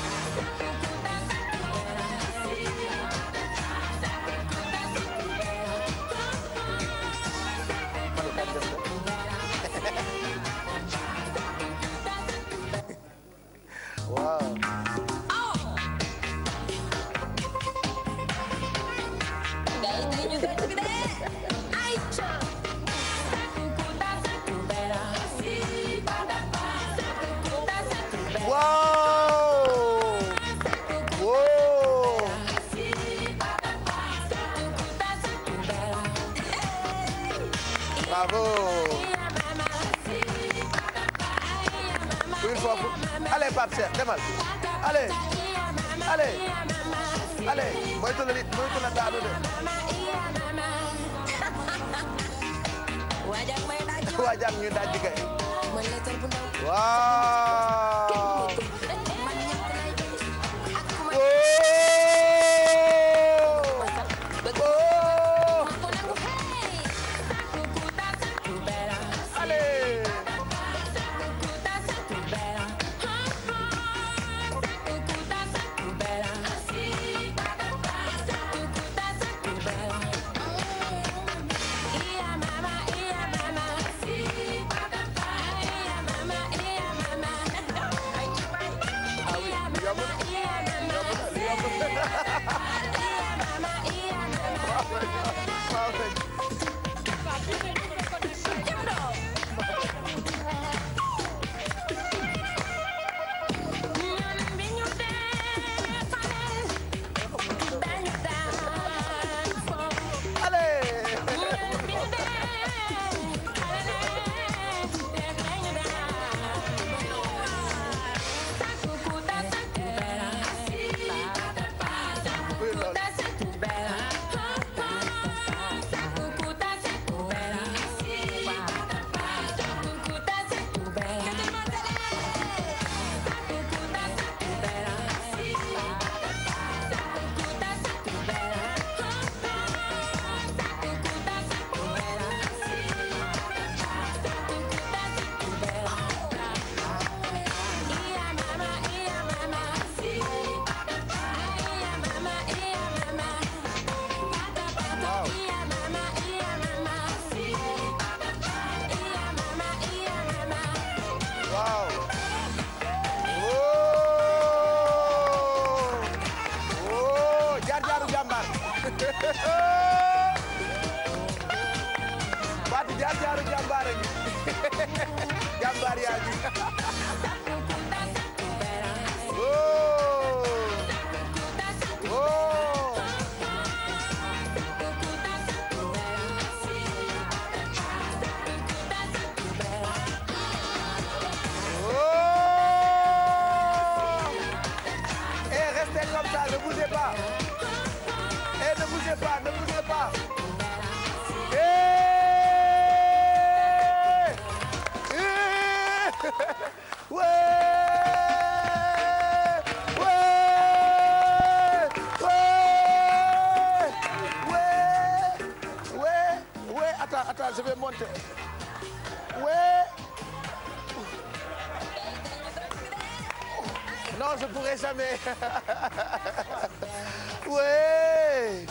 Ué!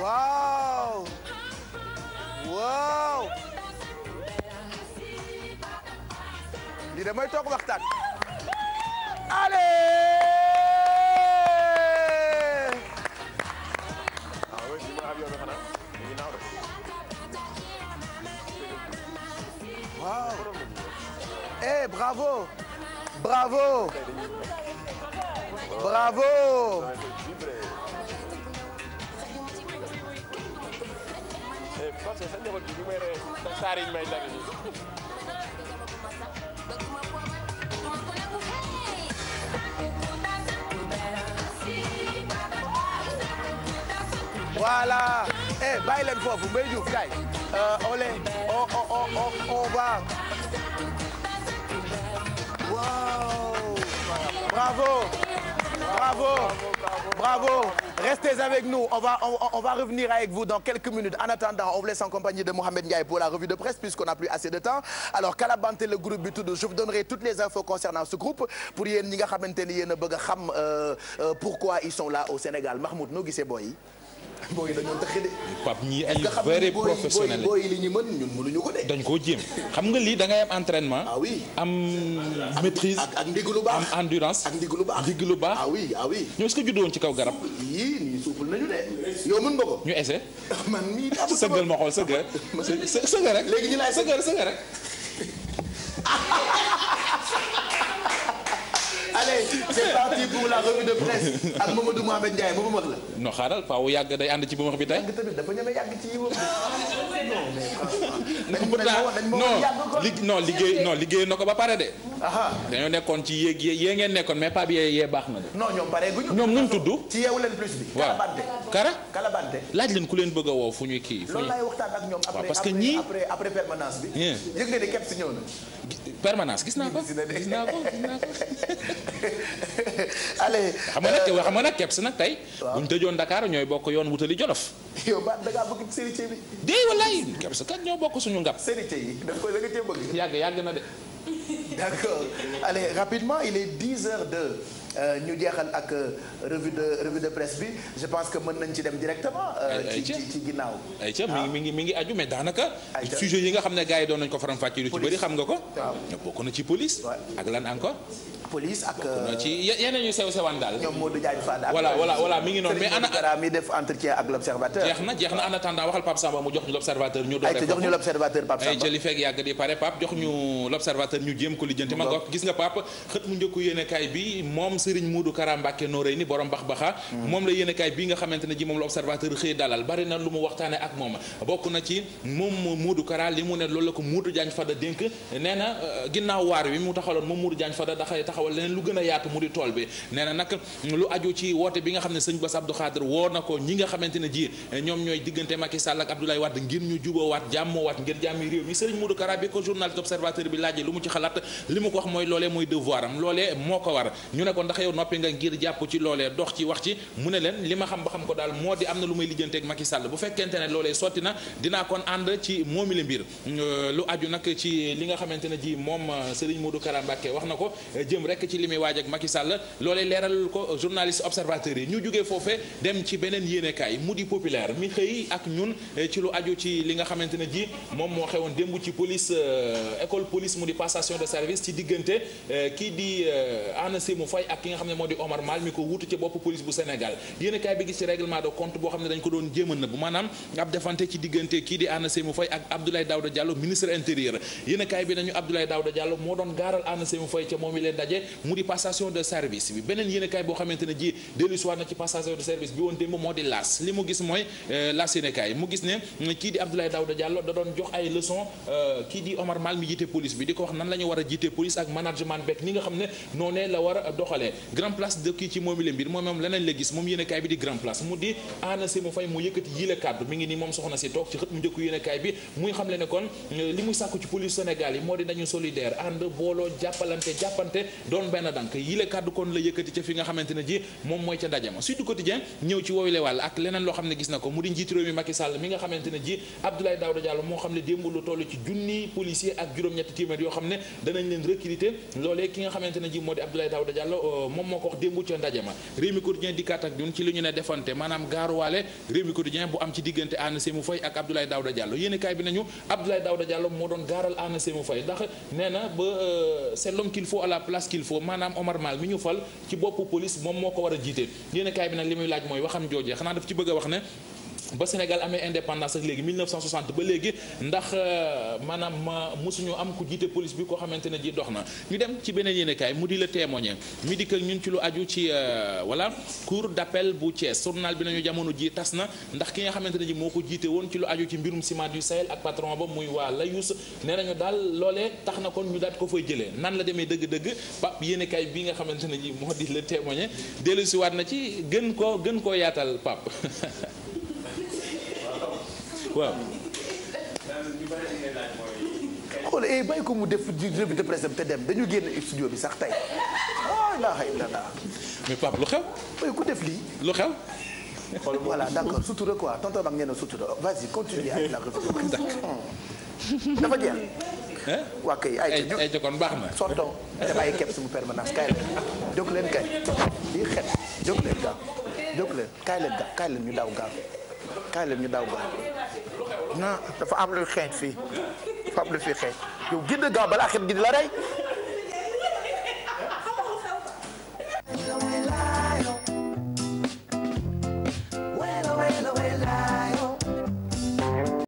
Uau! Uau! lii de mooy toog waxtaan. Allez! Ah wow. Eh, bravo. Bravo. Bravo voilà eh bàyyi leen kay euh, ole on on bravo bravo bravo restez avec nous on va revenir avec vous dans quelques minutes en attendant on vous laisse en compagnie de Mohamed Ndiaye pour la revue de presse puisqu'on n'a plus assez de temps alors Kalabante le groupe bi tudd je vous donnerai toutes les infos concernant ce groupe pour yéen ñi nga xamante ni yéen a euh, euh, pourquoi ils sont là au Sénégal Mahmoud noo gisee booy dañoo tax de. Pape ñii ay vrai professionnel booy li ñu mën ñun mënuñu ko de. dañ koo jéem xam nga lii dangay ngay am entraînement. ah oui am maîtrise. ak ak ndig lu baax am endurance. ak ndig lu baax ndig lu baax. ah oui ah oui. juddu woon ci kaw garab. yii nii suuful nañu de. yow mën nga ko. ñu essayer. man mii daa sëgal ma xool sëgal. sëgal rek léegi ñu laay sëgal sëgal rek. allez c'est parti pour la revue de presse ak Mamadou Mohamed xaaral faaw yàgg day ànd ci bu bi tey. yàgg tamit dafa ñeme yàgg ci non mais liggéey non liggéey na ko ba pare de. dañoo nekkoon ci yéeg yee ngeen nekkoon mais pas bi yee baax na de. non ñoom pare ñoom nu mu tudd. ci yeewu leen plus bi. waaw kalabante laaj leen ku leen bëgg a woo fu ñuy kii. loolu laay waxtaan ak ñoom après après après bi. yëg nga ne ñëw na. permanence gis naa ko gis naa ko gis naa xam nga nag euh, xam nga nag keps nag tey. waaw bu ñu tëjoon Dakar ñooy bokk yoon wutali Jolof. yow ba da keps kat ñoo bokk suñu ngap. serite yi da nga yàgg yàgg na de. d'accord allez rapidement il est 10 heures 2. Euh, ñu jeexal ak euh, revue de revue de presse bi je mën nañ ci dem directement. Euh, ci ci ci mi ngi mi ngi mi aju mais daanaka. sujet yi nga xam ne gars yi doon nañu ko faram-fàccee. lu ci xam nga ko. bokk na ci police. ak lan encore. police ak ci yeneen ngi noonu mais jeex na jeex na en attendant waxal Pape Samba mu jox ñu l'observateur ñu. doole jox ñu l'observateur Pape Samba ay li fekk yàgg di pare Pape jox ñu l'observateur ñu jéem ko lijjanti. ma gis nga Pape xët mu njëkku yéene kaay bi moom Serigne Modou Kara Mbacké Norey ni borom bax baxa moom la yéenekaay bii nga xamante ne ji moom la observateur xëy dalal bari lu mu waxtaane ak moom bokk na ci moom Modou la ko Modou euh, a yaatu mu di bi nee na nag lu aju ci woote bi nga xam ne sëñ Bass Abdou Khadre ko ñi nga ne ji ñoom ñooy diggante Macky Sall ak Abdoulaye Wade ngir ñu juboowaat jàmmoowaat ngir jàmmi observateur bi laajee lu mu ci xalaat li mu ko wax mooy loolee mooy devoir am loolee moo ko war ñu ne ndax yow noppi nga ngir jàpp ci loolee dox ci wax ci mu ne leen li ma xam ba xam ko daal moo di am na lu may lijjanteeg Macky Sall bu fekkente ne loolee sotti na dinaa kon ànd ci euh, moom euh, ko euh, jëm rek li muy waaj ak Macky Sall loolee leeral ko journaliste observateur yi ñu jógee foofee dem ci beneen di populaire mi xëy ak ñun ci lu aju ci li nga xamante ne ji moom moo xewoon démb ci police école police mu di passation de service ci diggante kii di Anacim mu fay ak ak ki nga xam ne moo di Omar Mal mi ko wutu ci bopp police bu Sénégal yéenekaay bi gis ci règlement de compte boo xam ne dañ ko doon jéem a nëbb maanaam ab defante ci diggante kii di Anna Sémou bi nañu Abdoulaye Daouda Diallo moo doon gaaral Anna ne ji dellusiwaat na ci passation de service euh, doon jox ay leçon euh, kii jiite police bi di ko wax nan la ñu war a jiite police ak management beeg ni nga xam ne noonee la war a doxalee ne grand place de kii ci moom i la mbir moom leneen la gis moom yéen a kaay bi di grand place mu di Anna Sémou Faye mu yëkkati yi kàddu mi ngi nii moom soxna si toog ci xët mu njëkk yéen bi muy xam ne kon euh, li muy sàkku ci police Sénégal yi moom mooy ca ndaje ma Sud Quotidien ñëw ci wooyu le wàll ak leneen loo xam ne gis na ko mu di njiitu réew mi Macky Sall nga xamante ne ji Abdoulaye Daouda Diallo moo xam ne démb lu toll ci junni policier ak juróom ko moom moo ko wax démb ca ndaje ma réew mi quotidien dikkaat ak ñun ci li ñu ne defante maanaam gaaruwaale réew mi quotidien bu am ci diggante Anna Sémou Faye ak Abdoulaye Daouda Diallo yéen kaay bi nañu Abdoulaye Daouda Diallo moo doon gaaral Anna Sémou Faye ndax nee ba euh, c'est l'homme qu'il la place qu'il maanaam Omar Mal mi ñu fal ci boppu police moom moo ko war a jiite yéen kaay bi nag li muy laaj mooy waxam joojee xanaa daf ci bëgg a wax ne ba Sénégal amee indépendance ak léegi 1960 ba léegi ndax euh, maanaam mosuñu am ku jiite police bi koo xamante ne ji dox na ñu dem ci beneen yéenekaay mu di la témoigner mi dikk ñun ci aju ci euh, voilà cour d'appel bu Thiès journal bi nañu jamono ji tas na ndax ki nga xamante ne ji moo ko jiite woon ci lu aju ci mbirum ciment du Sahel ak patron ba muy waa Layus nee nañu daal loolee tax na kon ñu daal ko fay jëlee nan la demee dëgg-dëgg Pape yéenekaay nga xamante ne ji moo di la témoigner dellusiwaat na ci gën koo gën koo yaatal Pape waaw. xool eh bàyyi ko mu def revue de presse te dem dañu génn studio bi sax tey ah ilaha illallah. mais Pape lu xew. oui ku def lii. lu xew. xool voilà d'accord sutura quoi tonton ak ñeneen sutura vas-y continue avec la revue de presse. d'accord dafa jeex. waa kay ay ay jokkoon baax na. sottoo te bàyyi képp suñu permanence kaay leen jóg leen kay lii xet jóg leen gaaw jóg leen kaay leen gaaw kaay leen ñu daw gaaw. kaay leen ñu daaw ba non dafa am lu xeeñ fii dafa am lu fi xeeñ yow gidd gaaw balaa xet gidd la rey